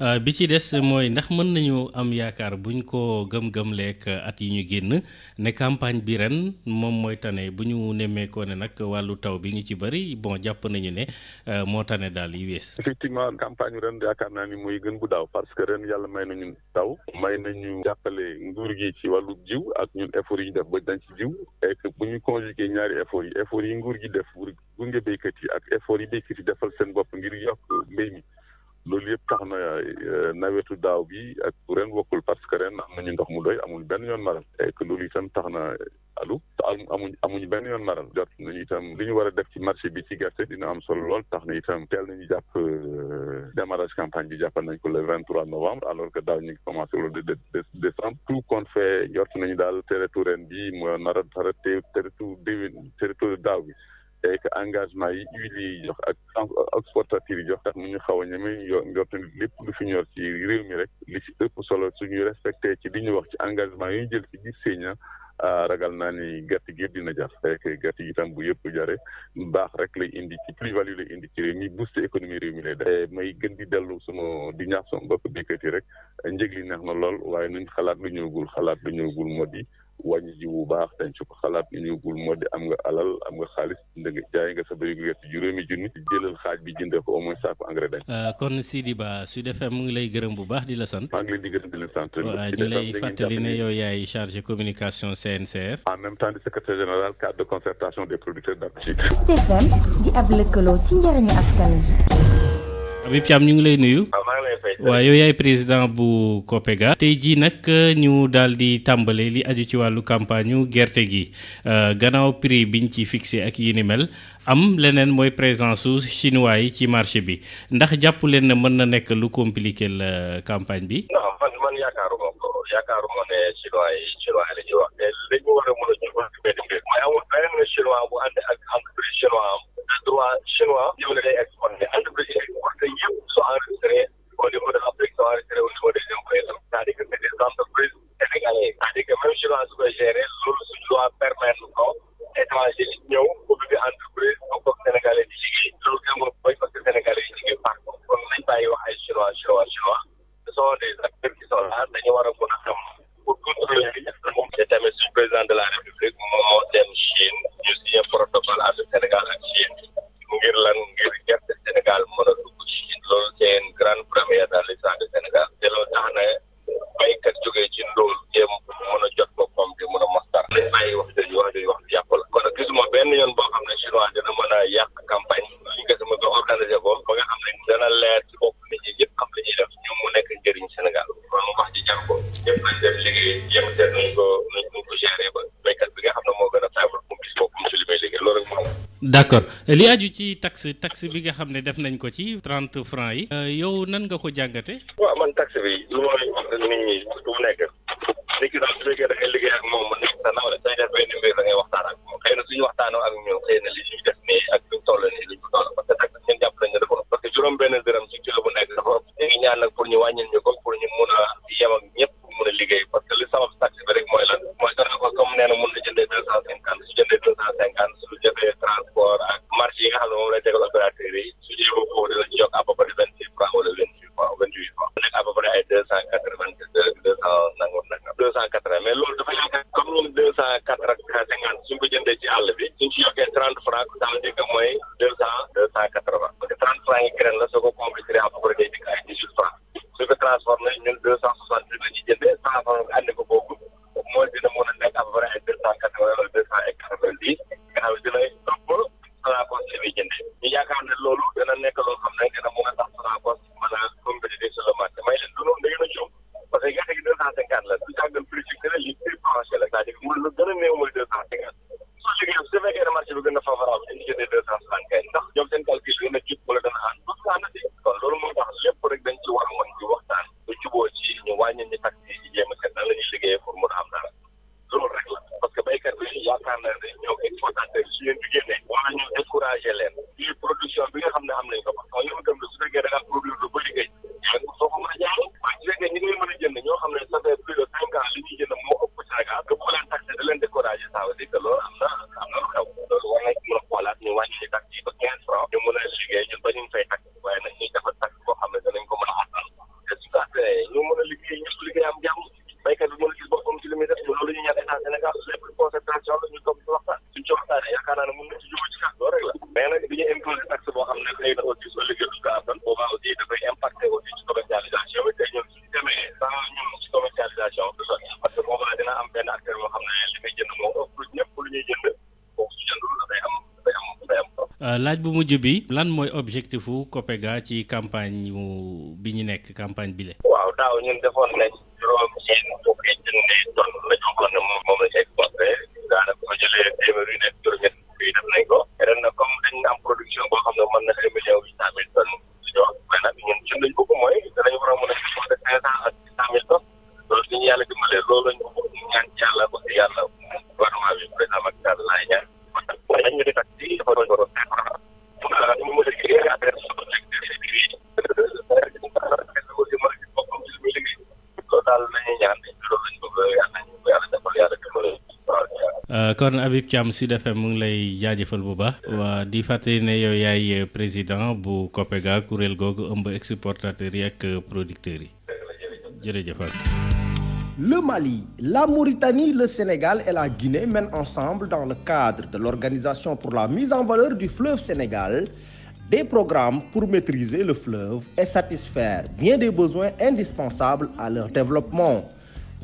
Euh, bi ci des mooy ndax mën nañu am yaakaar buñ ko gëm-gëm leek euh, at yi ñu génn ne campagne bi ren moom mooy tane bu ñu nemmeekoo ne nag wàllu taw bi ñu ci bëri bon jàpp nañu ne euh, moo tane daal yi wees. effectivement campagne ren yaakaar naa ni mooy gën bu daaw parce que ren yàlla may nañu taw may nañu jàppale nguur gi ci wàllu jiw ak ñun effort yi ñu def ba dañ ci jiw et bu ñu conjugué ñaari effort yi effort yi nguur gi def gunge béykat yi ak effort yi béykat yi defal seen bopp ngir yokk mbéy mi. loolu yëpp tax na euh, nawetu daaw bi ak ren bokkul parce que ren am ñu ndox mu doy amul benn yoon maral et que loolu itam tax na alu am amuñ amuñ benn yoon maral jot nañu itam li ñu war a def ci marché bi ci gerte dina am solo lool tax na itam teel nañu jàpp euh, démarrage campagne bi jàppal nañ ko le vingt trois novembre alors que daaw ñu ngi commencé le deux décembre tout compte fait jot nañu daal teretu ren bi mu nara a tere teretu déwén teretu daaw bi et engagement yi huiliers yi jox ak exportateurs yi jox mu ñu xaw a ñeme yo njort ni lépp lu fi ñor ci réew mi rek li ci ëpp solo suñu respecté ci li ñu wax ci engagement yi ñu jël ci biir Sénégal ragal naa ni gerte gi yëpp dina jar fekk gerte gi tam bu yëpp jare baax rek lay indi ci plus value lay indi ci réew mi booster économie réew mi lay def eh, may gën di dellu sama di ñaax sama bopp béykat yi rek njëg li neex na lool waaye nuñ xalaat lu ñëwagul xalaat lu ñëwagul moo di wàññi ji bu baax dañ ci ko xalaat li ñu gul di am nga alal am nga xaalis ndëgg jaay nga sa bërigo gerte juróomi junni jëlal xaaj bi jëndee ko au moins saako engrais dañ euh, kon Sidi Ba Sud FM mu ngi lay gërëm bu baax di la sant maa sant waaw ñu lay fàttali ne yow yaay chargé communication CNCR en même temps di secrétaire général cadre de concertation des producteurs d' arachide di ab lëkkaloo ci njëriñu askan wi Habib Thiam ñu ngi lay nuyu. waaw yow président bu COPEGA. tey jii nag euh, ñu daal di tàmbale li aju ci wàllu campagne ñu gerte gi euh, gannaaw prix biñ ci fixé ak yi mel am leneen mooy présence su chinois yi ci marché bi ndax jàpp leen ne mën na nekk lu compliqué la campagne bi. man man yaakaaruma ko yaakaaruma ne chinois bu ànd ak entreprise chinois droit chinois yow la day exporté mais entreprise yi exporté yëpp soo enregistré au niveau de l'Afrique soo enregistré au niveau des impôts c'est-à-dire que c'est des entreprises sénégalaises c'est-à-dire que même chinois su koy gérer loolu suñu loi permettre ko étranger ñëw ubbi entreprise ba ko sénégalais di liggéey loolu accord li aju ci taxe taxe bi nga xam ne def nañ ko ci trente francs yi. Euh, yow nan nga ko jàngate. waaw man taxe bi lu ma nit ñi bu nekk bi lay mujj bi lan mooy objectif wu COPEGA ci campagne bi ñu nekk campagne bi la. waaw daaw ñun defoon nañ juróom seen fukki junni tonne la ñu waxoon ne moom moom la ñu exporté daanaka ma jëlee téeméer yu def nañ ko ren nag am production boo xam ne mën na million huit cent mille tonnes suñu wax maanaam ñun suñ lañ bëgg mooy danañ war a mën a exporté cinq cent ak six cent yàlla dimbalee loolu lañ ñaan yàlla wax yàlla kon Habib Thiam Sud FM mu ngi lay jaajëfal bu di fàttali ne président bu COPEGA kuréel googu ëmb exportateurs yi ak producteurs yi. jërëjëf Le Mali, la Mauritanie, le Sénégal et la Guinée mènent ensemble dans le cadre de l'Organisation pour la mise en valeur du fleuve Sénégal des programmes pour maîtriser le fleuve et satisfaire bien des besoins indispensables à leur développement.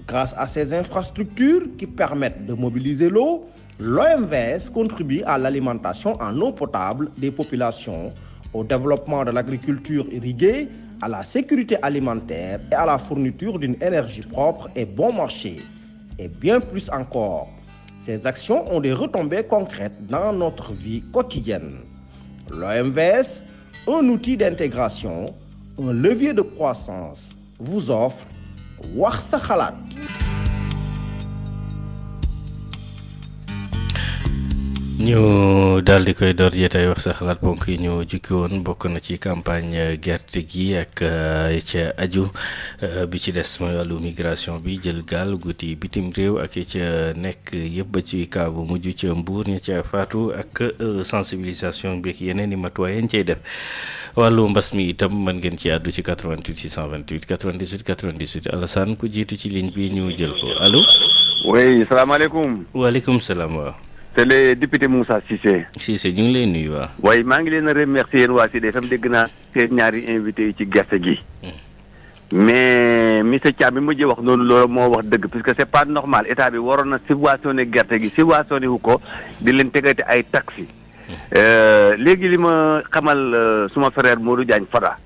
Grâce à ces infrastructures qui permettent de mobiliser l'eau, l'OMVS contribue à l'alimentation en eau potable des populations, au développement de l'agriculture irriguée, à la sécurité alimentaire et à la fourniture d'une énergie propre et bon marché. Et bien plus encore, ces actions ont des retombées concrètes dans notre vie quotidienne. L'OMVS, un outil d'intégration, un levier de croissance, vous offre wax sa xalaat ñu daal di koy door jee tey wax sa xalaat ponk yi ñu jukki woon bokk na ci campagne gerte gi ak euh, ca aju euh, bi ci des mooy wàllu migration bi jël gaal guti bitim réew ak ca nekk yëpp ba ci kaabu mujj ca mbuur ña ca faatu ak euh, sensibilisation bi ak yeneen i matuwaay yañ cay def wàllu mbas mi itam mën ngeen ci àddu ci 88 628 98 98 Alassane ku jiitu ci ligne bi ñu jël ko allo. oui salaamaaleykum. waaleykum salaam waa te le député Moussa Cissé. Cissé ñu ngi lay nuyu waa waaye maa ngi leen a remercier yéen waa Sud FM dégg naa seen ñaari invité yi ci gerte gi. Hmm. mais monsieur Thiam bi mujjee wax noonu loolu moo wax dëgg parce que c'est pas normal état bi waroon na subventionné gerte gi subventionné wu ko di leen tegati ay taxi hmm. euh, léegi li ma xamal euh, suma frère Modou Diagne Fada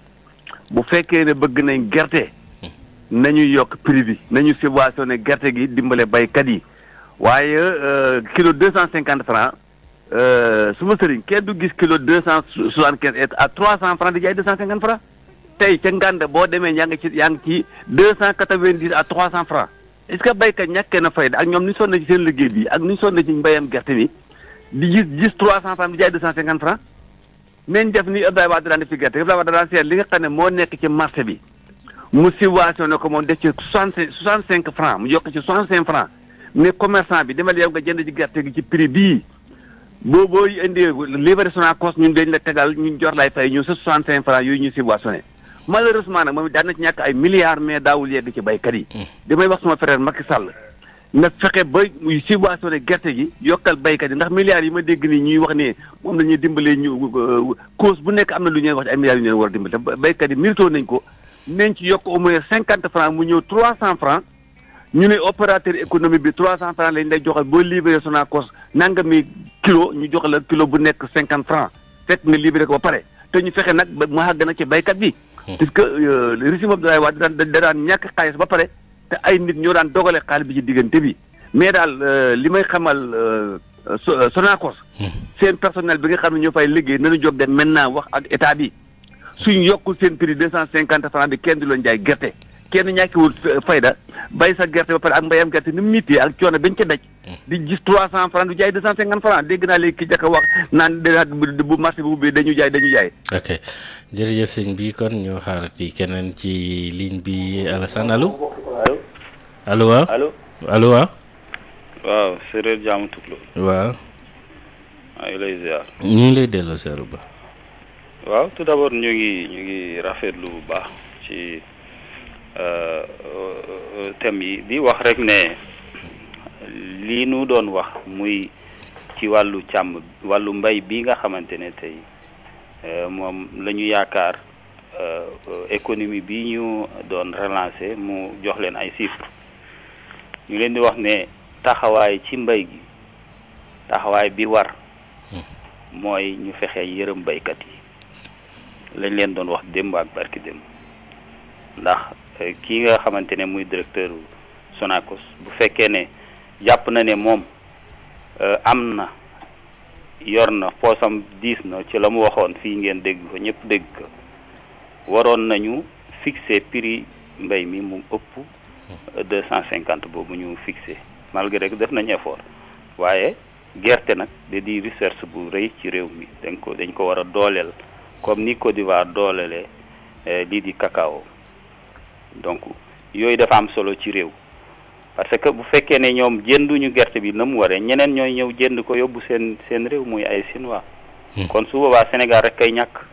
bu fekkee ne bëgg nañ gerte. Hmm. nañu yokk prix bi nañu subventionné gerte gi dimbale baykat yi. waaye euh, kilo deux cent cinquante franc euh, su ma sëriñ kenn du gis kilo deux cent soixante quinze et à trois cent franc di jaay deux cent cinquante franc tey ca ngànd boo demee yaa ngi ci yaa ci deux cent quatre vingt cent franc est ce que ak ñoom ni sonn ci seen liggéey bi ak ni sonn ci mbéyam gerte mi di gis gis trois cent franc di jaay deux cent cinquante franc nañ def ni Abdoulaye Wade daan def ci gerte Abdoulaye Wade daan seet li nga xam ne moo nekk ci marché bi mu subventionné ko moom def ci soixante cinq franc mu yokk ci soixante cinq mais commercant bi demal yow nga jënd ci gerte gi ci prix bi boo indi indi livraison à ñu ñun dañ la tegal ñu jor lay fay ñu sa soixante cinq francs yooyu ñu subventionné malheureusement nag moom daan na ci ñàkk ay milliards mais daawul yegg ci baykat yi mm. damay wax sama frère Macky Sall na fexe ba subventionné gerte gi yokkal baykat yi ndax milliards yi ma dégg nii ñuy wax ne moom la ñuy dimbalee ñu euh, cause bu nekk am na lu ñuy wax ay milliards a dimbale baykat yi méritoo nañ ko nañ ci yokk au cinquante francs mu ñëw trois cent francs ñu ne opérateur économique bi trois cent franc lañ day joxal boo libéré Sonacos nangami kilo ñu jox la kilo bu nekk cinquante franc fekk nga libéré ko ba pare te ñu fexe nag ba mu na ci baykat bi. Hmm. puisque euh, régime Abdoulaye Wade da daan ñàkk xaalis ba pare te ay nit ñoo daan dogale xaalis bi ci diggante bi mais daal euh, li may xamal euh, Sonacos. Hmm. seen personnel bi nga xam ne ñoo fay liggéey na nañu jóg dem maintenant wax ak état bi suñ yokkul seen prix deux cent cinquante franc kenn du leen jaay gerte. kenn ñàkkiwul fayda bay sa gerte ba pare ak mbayam gerte ni mu mittee ak coono bañ ca daj. Mm. di gis trois cent franc du jaay deux cent cinquante franc dégg naa léegi ki jàkka wax naan bu marché bu ubbee dañu jaay dañu jaay. ok jërëjëf sëñ bi kon ñu xaarati keneen ci ligne bi Alassane allo. alo waaw allo allo waaw. jaamu tuklo. waaw. maa ñu ngi lay delloo seeru ba. waaw tout d'abord ñu ngi ñu ngi rafet lu baax Euh, euh, euh, thèmes yi di wax rek ne lii nu doon wax muy ci wàllu càmm wàllu mbay bi nga xamante ne tey moom lañu ñu yaakaar économie bi ñu doon relancer mu jox leen ay chiffres ñu leen di wax ne taxawaay ci mbay gi taxawaay bi war mooy ñu fexe yërëm baykat yi lañ leen doon wax démb ak barki démb ndax kii nga xamante ne muy directeur Sonacos bu fekkee ne jàpp na ne moom euh, am na yor na poosam diis na ci la mu waxoon fii ngeen dégg ko ñëpp dégg ko waroon nañu fixer prix mbay mi mu ëpp deux cent cinquante boobu ñu fixé malgré que def nañu effort waaye gerte nag da di recherche bu rëy ci réew mi dañ ko dañ ko war a dooleel comme ni Côte d'Ivoire doolelee euh, lii di cacao donc yooyu dafa am solo ci réew parce que bu fekkee ne ñoom jënduñu gerte bi na mu waree ñeneen ñooy ñëw jënd ko yóbbu seen seen réew muy ay Chinois. Hmm. kon su boobaa Sénégal rek kay ñàkk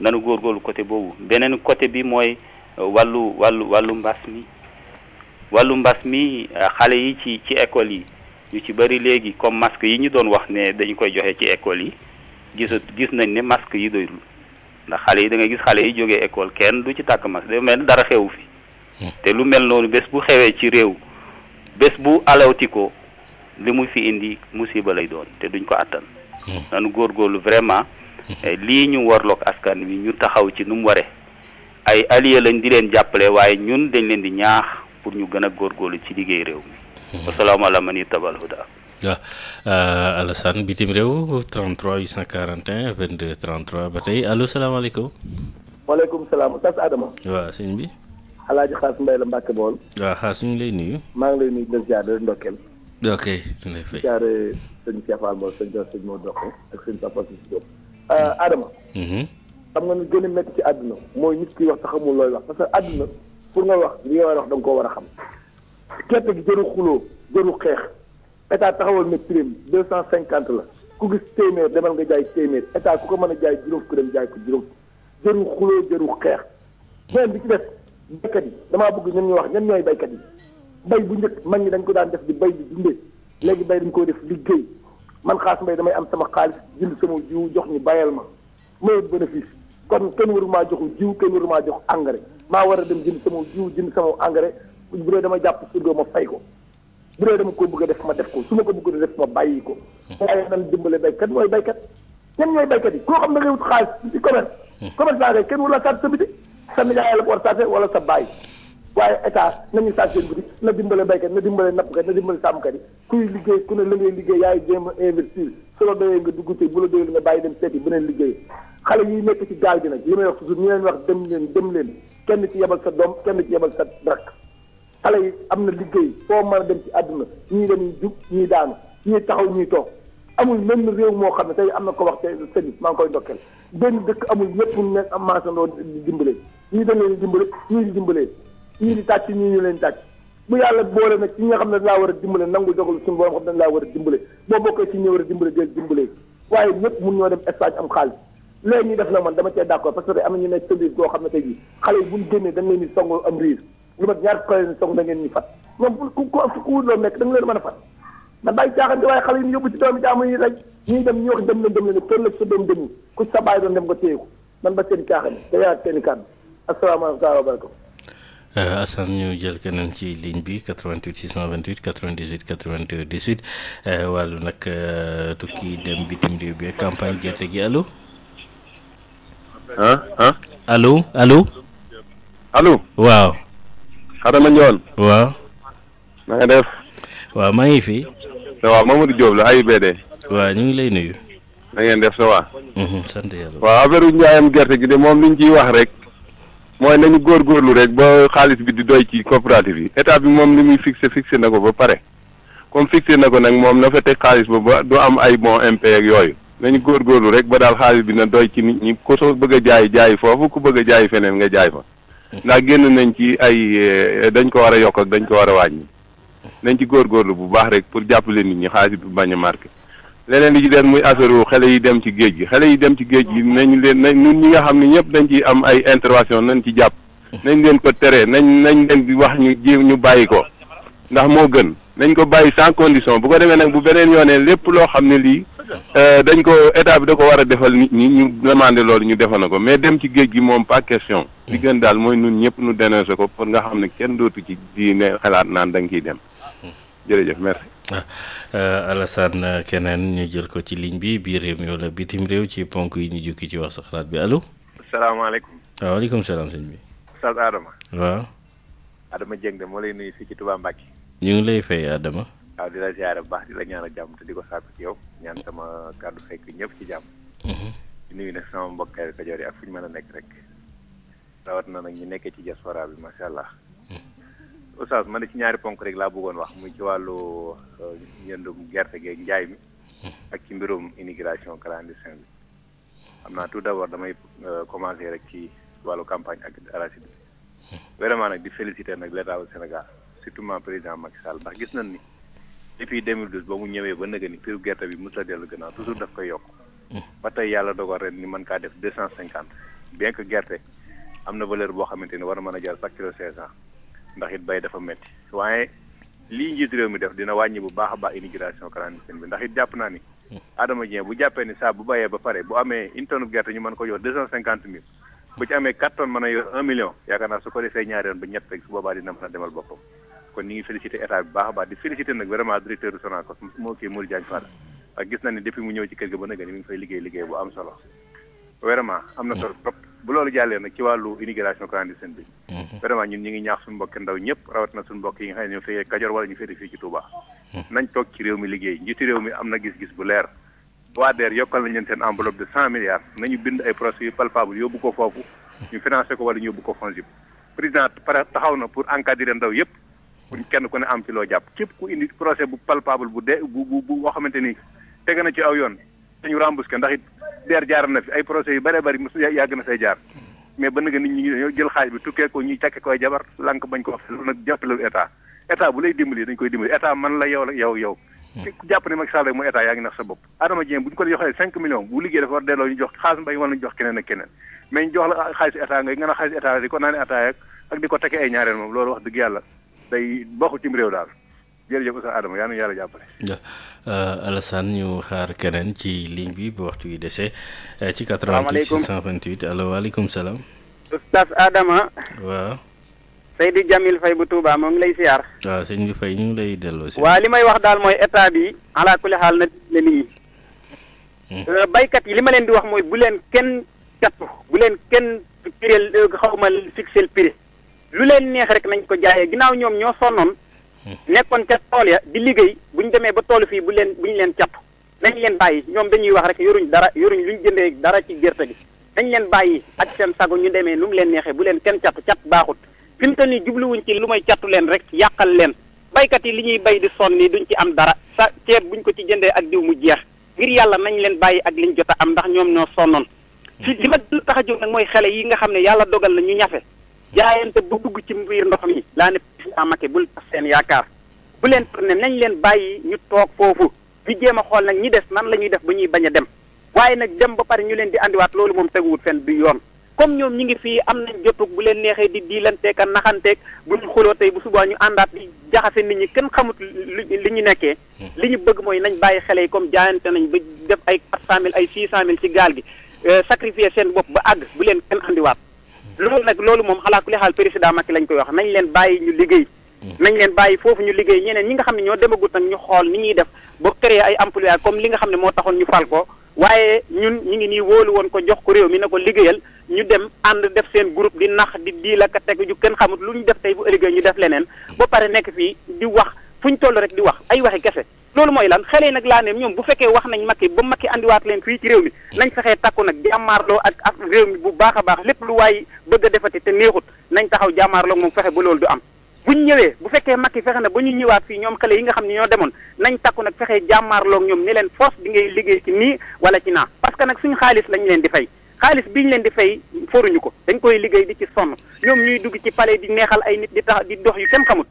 nanu góorgóorlu côté boobu beneen côté bi mooy euh, wàllu wàllu wàllu mbas mi wàllu mbas mi euh, xale yi ci ci école yi ñu ci bëri léegi comme masque yi ñu doon wax ne dañu koy joxe ci école yi gisat gis nañ ne masque yi doyul ndax xale yi da ngay gis xale yi jóge école kenn du ci tàkk mas day mel dara xewu fi hmm. te lu mel noonu bés bu xewee ci réew bés bu alawti ko li mu fi indi musiba lay doon te duñ ko àttan hmm. nanu góorgóorlu vraiment hmm. eh, lii ñu warloog askan wi ñu taxaw ci nu mu waree ay alliés lañ di leen jàppale waaye ñun dañ leen di ñaax pour ñu gën a góorlu ci liggéey réew mi wasalaamala man i tabal huda waa euh, Alassane bitim réew 33 841 22 33 ba tey allo salaamaaleykum. waaleykum salaam Oustaz Adama. waaw sëñ bi. El Hadj Xaas Mbaye la Mbacke Bool. waaw xaas ñu ngi lay nuyu. maa ngi lay nuyu di la ziar di la ndokkeel. ok ñu ngi lay fay. ziar sëñ Cheikh Fall Mbow sëñ Dior sëñ Modou Doxo ak sëñ Papa euh, mm. Adama. Mm-hmm. xam nga nu gën a ci àdduna mooy nit ki wax te looy wax parce que àdduna pour nga wax li war wax da ko war a xam. gerte gi jarul xuloo jarul xeex. état taxawal na prime deux cent cinquante la ku gis téeméer demal nga jaay téeméer état ku ko mën a jaay juróom ku dem jaay ko juróom jëru xuloo jëru xeex beneen bi ci des baykat yi damaa bëgg ñun ñu wax ñan ñooy baykat yi bay bu njëkk mag ñi dañ ko daan def di bay di dundee léegi bay dañ koo def liggéey man xaas mbay damay am sama xaalis jënd sama jiw jox ñu bayal ma mayut bénéfice kon kenn waru maa joxu jiw kenn waru maa jox engrais maa war a dem jënd sama jiw jënd sama engrais bu dama jàpp surga ma fay ko bu dee dama ko bëgg a def ma def ko su ma ko bëgg a def ma bàyyi ko. waaye nan dimbale béykat mooy béykat. kenn ñooy béykat yi koo xam ne ngay wut xaalis ci commerce. Hmm. commerçant rek kenn wala sa biti sa nijaay la ko war saate wala sa baay. waaye état nañu saat seen biti na dimbale béykat na dimbale nappkat na dimbale sàmmkat yi kuy liggéey ku ne la ngay liggéey yaay jéem a investir su la doyee nga dugg ci bu la doyee nga bàyyi dem seeti beneen liggéey xale yi nekk ci gaal bi nag dem leen dem leen kenn ci yebal sa xale yi am na liggéey foo man a dem ci àdduna ñii dañuy jug ñii daanu ñii taxaw ñii toog amul menn réew moo xam ne tey am na ko wax te sëñ maa ngi koy benn dëkk amul ñëpp ne am maasandoo di dimbale ñii dañ leen dimbale ñii di dimbalee ñu leen tàcc bu yàlla boole xam ne laa war dimbale nangu dogal laa war a dimbale boo bokkee ci ñi war a dimbale deel dimbale waaye ñëpp mun def na man dama cee d'accord parce que am na ñu ne sëñ goo xam ne tey jii xale yi buñ génnee dañ leen di songoo am riir lu mat ñaar problème soog na ngeen ñu fat ñoom ku ku a waaye xale yi yóbbu ci doomi jaamu yi rek ñuy dem ñu wax dem leen dem leen toll sa doom dem ku sa bàyyi doon dem nga téye ko man ba seen caaxaan da yaat seen i kàddu asalaamaaleykum wa barakatuh euh, Assane ñu jël keneen ci ligne bi 88 628 98 92 18 wàllu nag euh, tukki dem bitim réew bi campagne gerte gi allo. ah ah. allo allo. allo waaw. Adama Ndione. waaw. na nga def. waaw maa ngi fi. ça va Mamadou Diop la AIBD. waaw ñu ngi lay nuyu. na ngeen def ça va. Mhm, sant yàlla. waaw affaire njaayam gerte gi de moom li ñu ciy wax rek. mooy nañu lu rek ba xaalis bi di doy ci coopérative yi état bi moom li muy fixé fixé na ko ba pare comme fixé na ko nag moom na fa teg xaalis ba ba du am ay bon MP ak yooyu nañu góorgóorlu rek ba daal xaalis bi na doy ci nit ñi ku soo bëgg a jaay jaay foofu ku bëgg a jaay feneen nga jaay fa. ndax génn nañ ci ay eh, dañ ko war a yokk ak dañ ko war a wàññi nañ ci góor góorlu bu baax rek pour jàpp leen nit ñi xaalis bi bañ a marqué leneen li ci des muy affaire xale yi dem ci géej gi xale yi dem ci géej gi nañ leen nañ ñun ñi nga xam ne ñëpp dañ ci am ay intervention nañ ci jàpp nañ leen ko tere nañ nañ leen di wax ñu jéem ñu bàyyi ko ndax moo gën nañ ko bàyyi sans condition bu ko demee nag bu beneen yoonee lépp loo xam ne lii Euh, dañ ko état bi da ko war a defal nit ñu demandé loolu ñu defal na ko mais dem ci géej gi moom pas question. li gën daal mooy nun ñëpp nu dénoncé ko pour nga xam ne kenn dootu ci di ne xalaat naan da nga dem dem jërëjëf merci. ah euh, Alassane euh, keneen ñu jël ko ci ligne bi biir réew mi wala bitim réew ci ponk yi ñu jukki ci wax sa xalaat bi allo. salaamaaleykum. waaw ah, waaleykum salaam sëñ bi. Oustaz Adama. waaw. Adama Dieng de moo lay nuyu fii ci Touba Mbacké. ñu ngi lay fay Adama. waaw di la ziare bu baax di la ñaanal jàmm te di ko sàkku ci yow ñaan sama kàddu fekk ñëpp ci jàmm. Mm-hmm. di nuyu nag sama mbokkeeri Kajoor yi ak fu ñu mën a nekk rek rawat na nag ñu nekkee ci diaspora bi macha allah. Mm-hmm. Oustaz man ci ñaari ponk rek la bëggoon wax muy ci wàllu njëndum uh, gerte geeg njaay mi. Mm-hmm. ak ci mbirum immigration clandestine bi. xam naa tout d'abord damay uh, commencer rek ci wàllu campagne ak arachide bi. vraiment nag di féliciter nag l'état du Sénégal surtout président Macky Sall ndax gis nañ ni. depuis 2012 ba mu ñëwee ba nëgë ni prix gerte bi mos a dellu gannaaw mm. toujours daf koy yokk mm. ba tey yàlla dogal ren ni mën kaa def 250 bien que gerte am na valeur boo xamante ni war na mën a jar chaque kilo 500 ndax it bay dafa métti waaye lii njiitu réew mi def a baax immigration clandestine bi ndax it jàpp naa ni mm. Adama Dieng bu jàppee ni saa bu ba pare bu amee une gerte ñu mën ko jox deux cent cinquante mille bu ci amee quatre tonnes mën a yor un million yaakaar naa su ko defee ñaari yoon ba ñett a demal boppam kon ñu ngi félicité état bi baax a baax di félicité nag vraiment directeur du Sonacos moo kii Mouride Diagne Fada ak gis na ne depuis mu ñëw ci kër ga ba nag mi ngi fay liggéey liggéey bu am solo vraiment am na solo bu loolu jàllee nag ci wàllu immigration clandestine bi mhm. vraiment ñun ñu ngi ñaax suñ mbokki ndaw ñëpp rawat na suñu mbokk yi nga xam ne ñoo fee Kajoor wala ñu féete fii ci Touba mhm. nañ toog ci réew mi liggéey njiitu réew mi am na gis-gis bu leer waa DER yokkal nañ leen seen enveloppe de cent milliards nañu bind ay projets yu palpable yóbbu ko foofu ñu financé ko wala ñu yóbbu ko FONGIP président taxaw na pour encadrer ndaw yëpp pour kenn ku ne am ci loo jàpp képp ku indi procès bu palpable bu dee bu bu bu boo xamante ni tege na ci aw yoon dañu remboursé ndax it deer jaar na fi ay procès yu bëree bëri mos yàgg na say jaar mais ba nga nit ñi dañoo jël xaaj bi tukkee ko ko wax ne Macky sa bopp Adama Dieng bu ñu ko joxee cinq millions bu liggéey dafa war delloo ñu jox xaalis mbay wala ñu jox keneen ak keneen mais ñu jox xaalis état nga nga a ko naan état ak di ko tekkee ay ñaareel moom loolu wax dëgg yàlla day baaxul cim réew daal jërëjëf Oustaz Adama yaa ngi yàlla jàppale. Euh, Alassane ñu xaar keneen ci ligne bi bu waxtu wi dese. Euh, ci 88 628 allo waaleykum salaam. Oustaz Adama. waaw. Seydou Jamil Faye bu Touba moo ngi lay siyaar. waaw sëñ bi ñu lay delloo si. li may wax daal mooy état bi. ala xaal na la nit ñi. baykat yi li ma leen di wax mooy bu leen kenn kattu bu leen kenn pireel euh, xaw ma fixel prix. lu leen neex rek nañ ko jaayee ginnaaw ñoom ñoo sonnoon nekkoon ca tool ya di liggéey buñ demee ba toolu fii bu leen bu leen càpp nañ leen bàyyi ñoom dañuy wax rek yoruñ dara yoruñ lu ñu jëndee dara ci gerte gi nañ leen bàyyi ak seen sago ñu demee nu mu leen neexee bu leen kenn càpp càpp baaxut fi mu toll nii jubluwuñ ci lu may càttu leen rek yàqal leen baykat yi li ñuy bay di sonn nii duñ ci am dara sa ceeb buñ ko ci jëndee ak diw mu jeex ngir yàlla nañ leen bàyyi ak liñ jot am ndax ñoom ñoo sonnoon tax a jóg mooy xale yi nga xam ne yàlla dogal na ñu ñafe jaayante bu dugg ci biir ndox mi laa ne président Macky bul seen yaakaar bu leen tourné nañ leen bàyyi ñu toog foofu di jéem a xool nag ñi des nan la ñuy def ba ñuy bañ a dem waaye nag dem ba pare ñu leen di andiwaat loolu moom teguwut fenn bi yoon comme ñoom ñi ngi fii am nañ jotug bu leen neexee di diilanteeg a naxanteeg bu ñu xuloo tey bu subaa ñu àndaat di jaxase nit ñi kenn xamut li ñu nekkee hmm. li ñu bëgg mooy nañ bàyyi xale yi comme jaayante nañ ba def ay quatre cent mille ay six cent mille ci gaal gi euh, sacrifier seen bopp ba àgg bu leen kenn andiwaat lu loolu nag loolu moom xalaa ku li xaal président Macky lañ koy wax nañ leen bàyyi ñu liggéey mm. nañ leen bàyyi foofu ñu liggéey ñeneen ñi nga xam ne ñoo demagut nag ñu xool ni ñuy def ba créé ay emploi comme li nga xam ne moo taxoon ñu fal ko waaye ñun ñu ngi nii wóolu woon ko jox ko réew mi na ko liggéeyal ñu dem ànd def seen groupe di nax di diil ak teg ju kenn xamut lu ñu def tey bu ëllëgee ñu def leneen ba pare nekk fii di wax fu ñu toll rek di wax ay waxi kese loolu mooy lan xale yi nag laa ne ñoom bu fekkee wax nañ Macky ba Macky andiwaat leen fii ci réew mi mm. nañ fexee takku nag jàmmaarloo ak ak réew mi bu baax a baax lépp lu waay bëgg a defati te neexut nañ taxaw jàmmaarloo moom fexe ba loolu du am buñ ñëwee bu fekkee Macky fexe na ba ñu ñëwaat fii ñoom xale yi nga xam ni ñoo demoon nañ takku nag fexee jàmmaarloo ñoom ni leen force di ngay liggéey ci nii wala ci naa parce que nag suñu xaalis lañ leen di xaalis biñ leen di fay foruñu ko dañ koy liggéey di ci sonn ñoom ñuy dugg ci palais di neexal ay nit di tax di dox yu kenn xamut.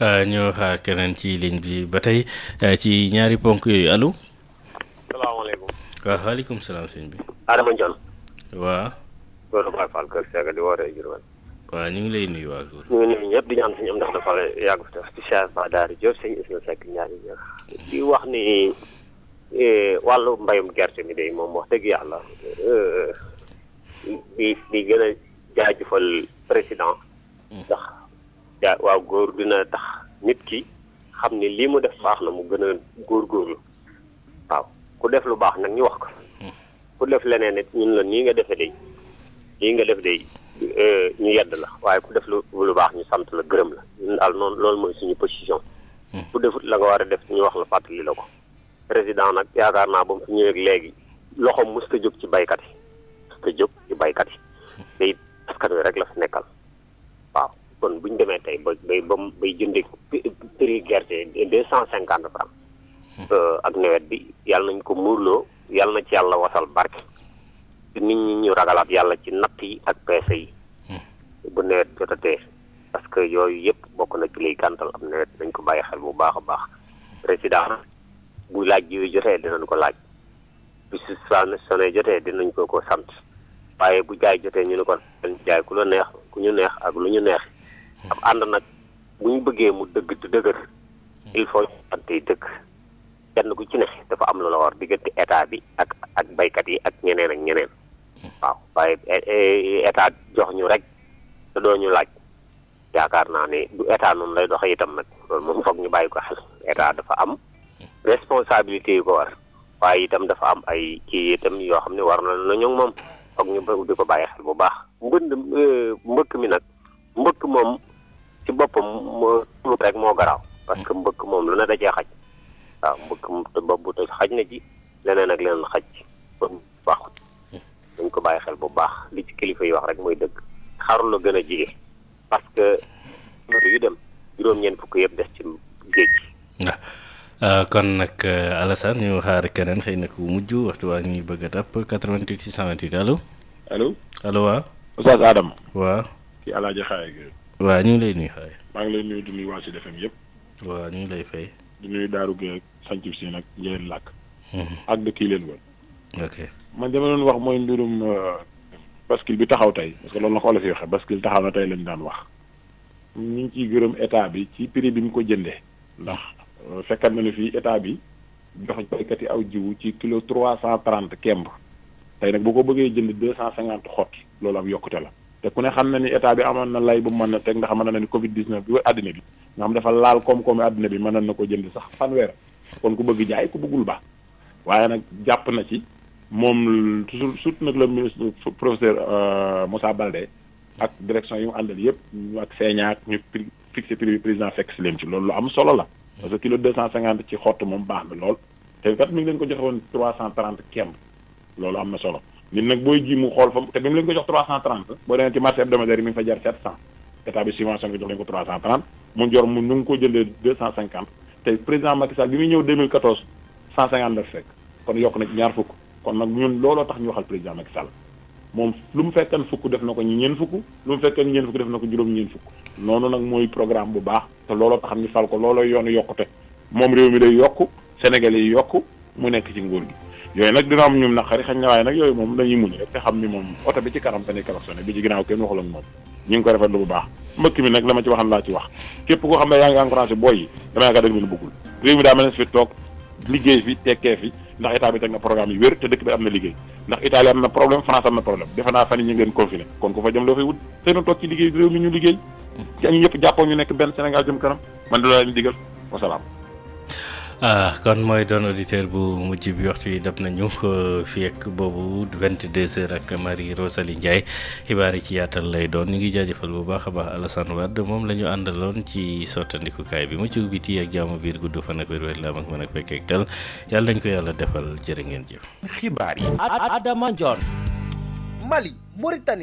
Euh, ñu xaar keneen ci ligne bi ba tey euh, ci ñaari ponk yooyu allo. salaamaaleykum. waaw waaleykum salaam sëñ bi. Adama Ndione. waaw. Gora Baye Fall Kër Sega di wootee Diourbel. waaw ñu ngi lay nuyu waa Gora. ñu ngi nuyu ñëpp di ñaan suñu am ndax dafa yàgg si si changement daal di jot sëñ Ismaël Seck ñaari ñëpp di wax ni. Eh, wàllu mbayum gerte mi day moom wax dëgg yàlla di eh, di gën a jaajëfal président hmm. ndax waaw góor dina tax nit ki xam ni lii mu def baax na mu gën a góorgóorlu waaw ku def lu baax nag ñu wax ko hmm. ku def leneen it ñun la nii nga defe day lii nga def day eh, ñu yedd la waaye ku def lu lu baax ñu sant la gërëm la ñun daal noonu loolu mooy suñu position hmm. ku defut la nga war a def ñu wax la fàttali la ko président nag yaakaar naa ba mu fi ñëwee léegi loxoom mosut a jóg ci baykat yi jóg ci baykat yi te it rek la fi nekkal waaw kon bu ñu demee tey ba ba ba bay jëndee prix gerte deux cent cinquante franc euh, ak nawet bi yàlla nañ ko muurloo yàlla na ci yàlla wasal barke te nit ñu ragalaat yàlla ci natt yi ak peese yi bu nawet jotatee parce que yooyu yëpp bokk na ci liy gàntal am dañ ko bàyyi xel bu baax a baax président bu laaj jiw jotee dinañ ko laaj bu su soxna sonee jotee dinañ ko ko sant waaye bu jaay jotee ñu ne kon jaay ku la neex ku ñu neex ak lu ñu neex am ànd nag bu ñu bëggee mu dëgg du dëgër il faut ante dëkk kenn ku ci ne dafa am lu la war diggante état bi ak ak baykat yi ak ñeneen ak ñeneen waaw waaye eh, eh, état jox ñu rek te doo ñu laaj yaakaar naa ni du état noonu lay doxe itam nag loolu moom foog ñu bàyyi ko xel état dafa am responsabilité yu ko war waaye itam dafa am ay kii itam yoo xam ne war na na ñoom moom foog ñu di bàyyi xel bu baax mbënd euh, mbëkk mi nag mbëkk moom ci boppam moo rek moo parce que mbëkk moom lu ne dajee cee xaj waaw mbëkk bopp bu toj xaj na ci leneen ak leneen xaj ba baaxut dañ ko bàyyi xel bu baax li ci kilifa yi wax rek mooy dëgg xaru la gën a jige parce que yu dem juróom-ñeent fukk yëpp des ci géej Euh, kon nag euh, Alassane ñu xaar keneen xëy na ku mujj waxtu waa ñuy bëgg a tàpp 88 628 allo. allo allo waaw. Oustaz Adama. waaw. kii El Hadj Xaaye Gueye. waaw ñu ngi lay nuyu Xaaye. maa ngi lay nuyu di nuyu waa Sud FM yëpp. ñu ngi lay fay. di nuyu Darou Gueye ak Santhib nag njëriñ làkk. Mhm. ak dëkk yi leen woon. ok man dama doon wax mooy mbirum euh, bascule bi taxaw tey parce que loolu la ko olof yi waxee bascule taxaw na tey lañ daan wax. ñu ngi ci gërëm état bi ci prix bi mu ko jëndee. ndax Euh, fekkat na ne fii état bi jox baykat yi aw jiwu ci kilo trois cent trente kemb tey nag boo ko bëggee jënd deux cent cinquante xott loolu am yokkute la te ku ne xam na ni état bi amoon na lay bu mën na teg ndax mën na ni Covid 19 bi wër àddina bi nga xam dafa laal koom-koomi àddina bi mën na ko jënd sax fanweer kon ku bëgg jaay ku bëggul ba waaye nag jàpp na ci moom toujours surtout nag le ministre professeur euh, Moussa Baldé ak direction yi mu àndal yëpp ak seeñaak ñu fixé prix président fekk si leen ci loolu lu am solo la. parce que kilo 250 ci xott moom baax na lool. te kat mi leen ko joxe woon 330 kemb loolu am na solo nit nag booy ji mu xool fa te bi mu leen ko jox 330. boo demee ci marché hebdomadaire mi ngi fa jar 700 état bi subvention bi jox leen ko 330 mu jor mu nu ngi ko jëlee 250 te président Macky bi muy ñëw 2014 150 la fekk kon yokk na ci looloo tax ñu waxal président moom lu mu fekkan fukk def na ko ñi ñeen fukk lu mu fekkan ñeen fukk def na ko juróom-ñeen fukk noonu nag mooy programme bu baax te looloo tax ñu fal ko looloo yoonu yokkute moom réew yokk Sénégal yokk mu nekk ci nguur gi yooyu nag na waaye nag moom dañuy muñ rek te xam ni moom oto bi ci kanam te ni klaxonné bi ci ginnaaw kenn waxul ak moom ñu ngi ko rafetlu bu baax mbëkk mi nag la ma ci waxan laa ci wax képp koo xam ne yaa ngi encouragé booy yi dama yaakaar dag leen bëggul réew mi daa mel fi toog liggéey fi tekkee fi ndax état bi teg na programme yi wér te dëkk bi am na liggéey ndax Italie am na problème France am na problème defe naa fan yi ñu ngeen confiné kon ku fa jëm loo fay wut xëy na toog ci liggéey réew mi ñu liggéey ci ñu ñëpp jàppoo ñu nekk benn Sénégal jëm kanam man de loolu laa leen digal wasalaam ah kon mooy doon auditeur bu mujj bi waxtu yi dab nañu fii ak boobu 22h ak Marie Rosalie Ndiaye xibaar yi ci yaatal lay doon ñu ngi jaajëfal bu baax a baax Alassane Wade moom la ñu àndaloon ci sottandikukaay bi mucc bi tii ak jaamu biir gudd fan ak wér-wér la am ak mën ak fekk ak tal yàlla nañ ko yàlla defal jërë ngeen jëf. xibaar yi.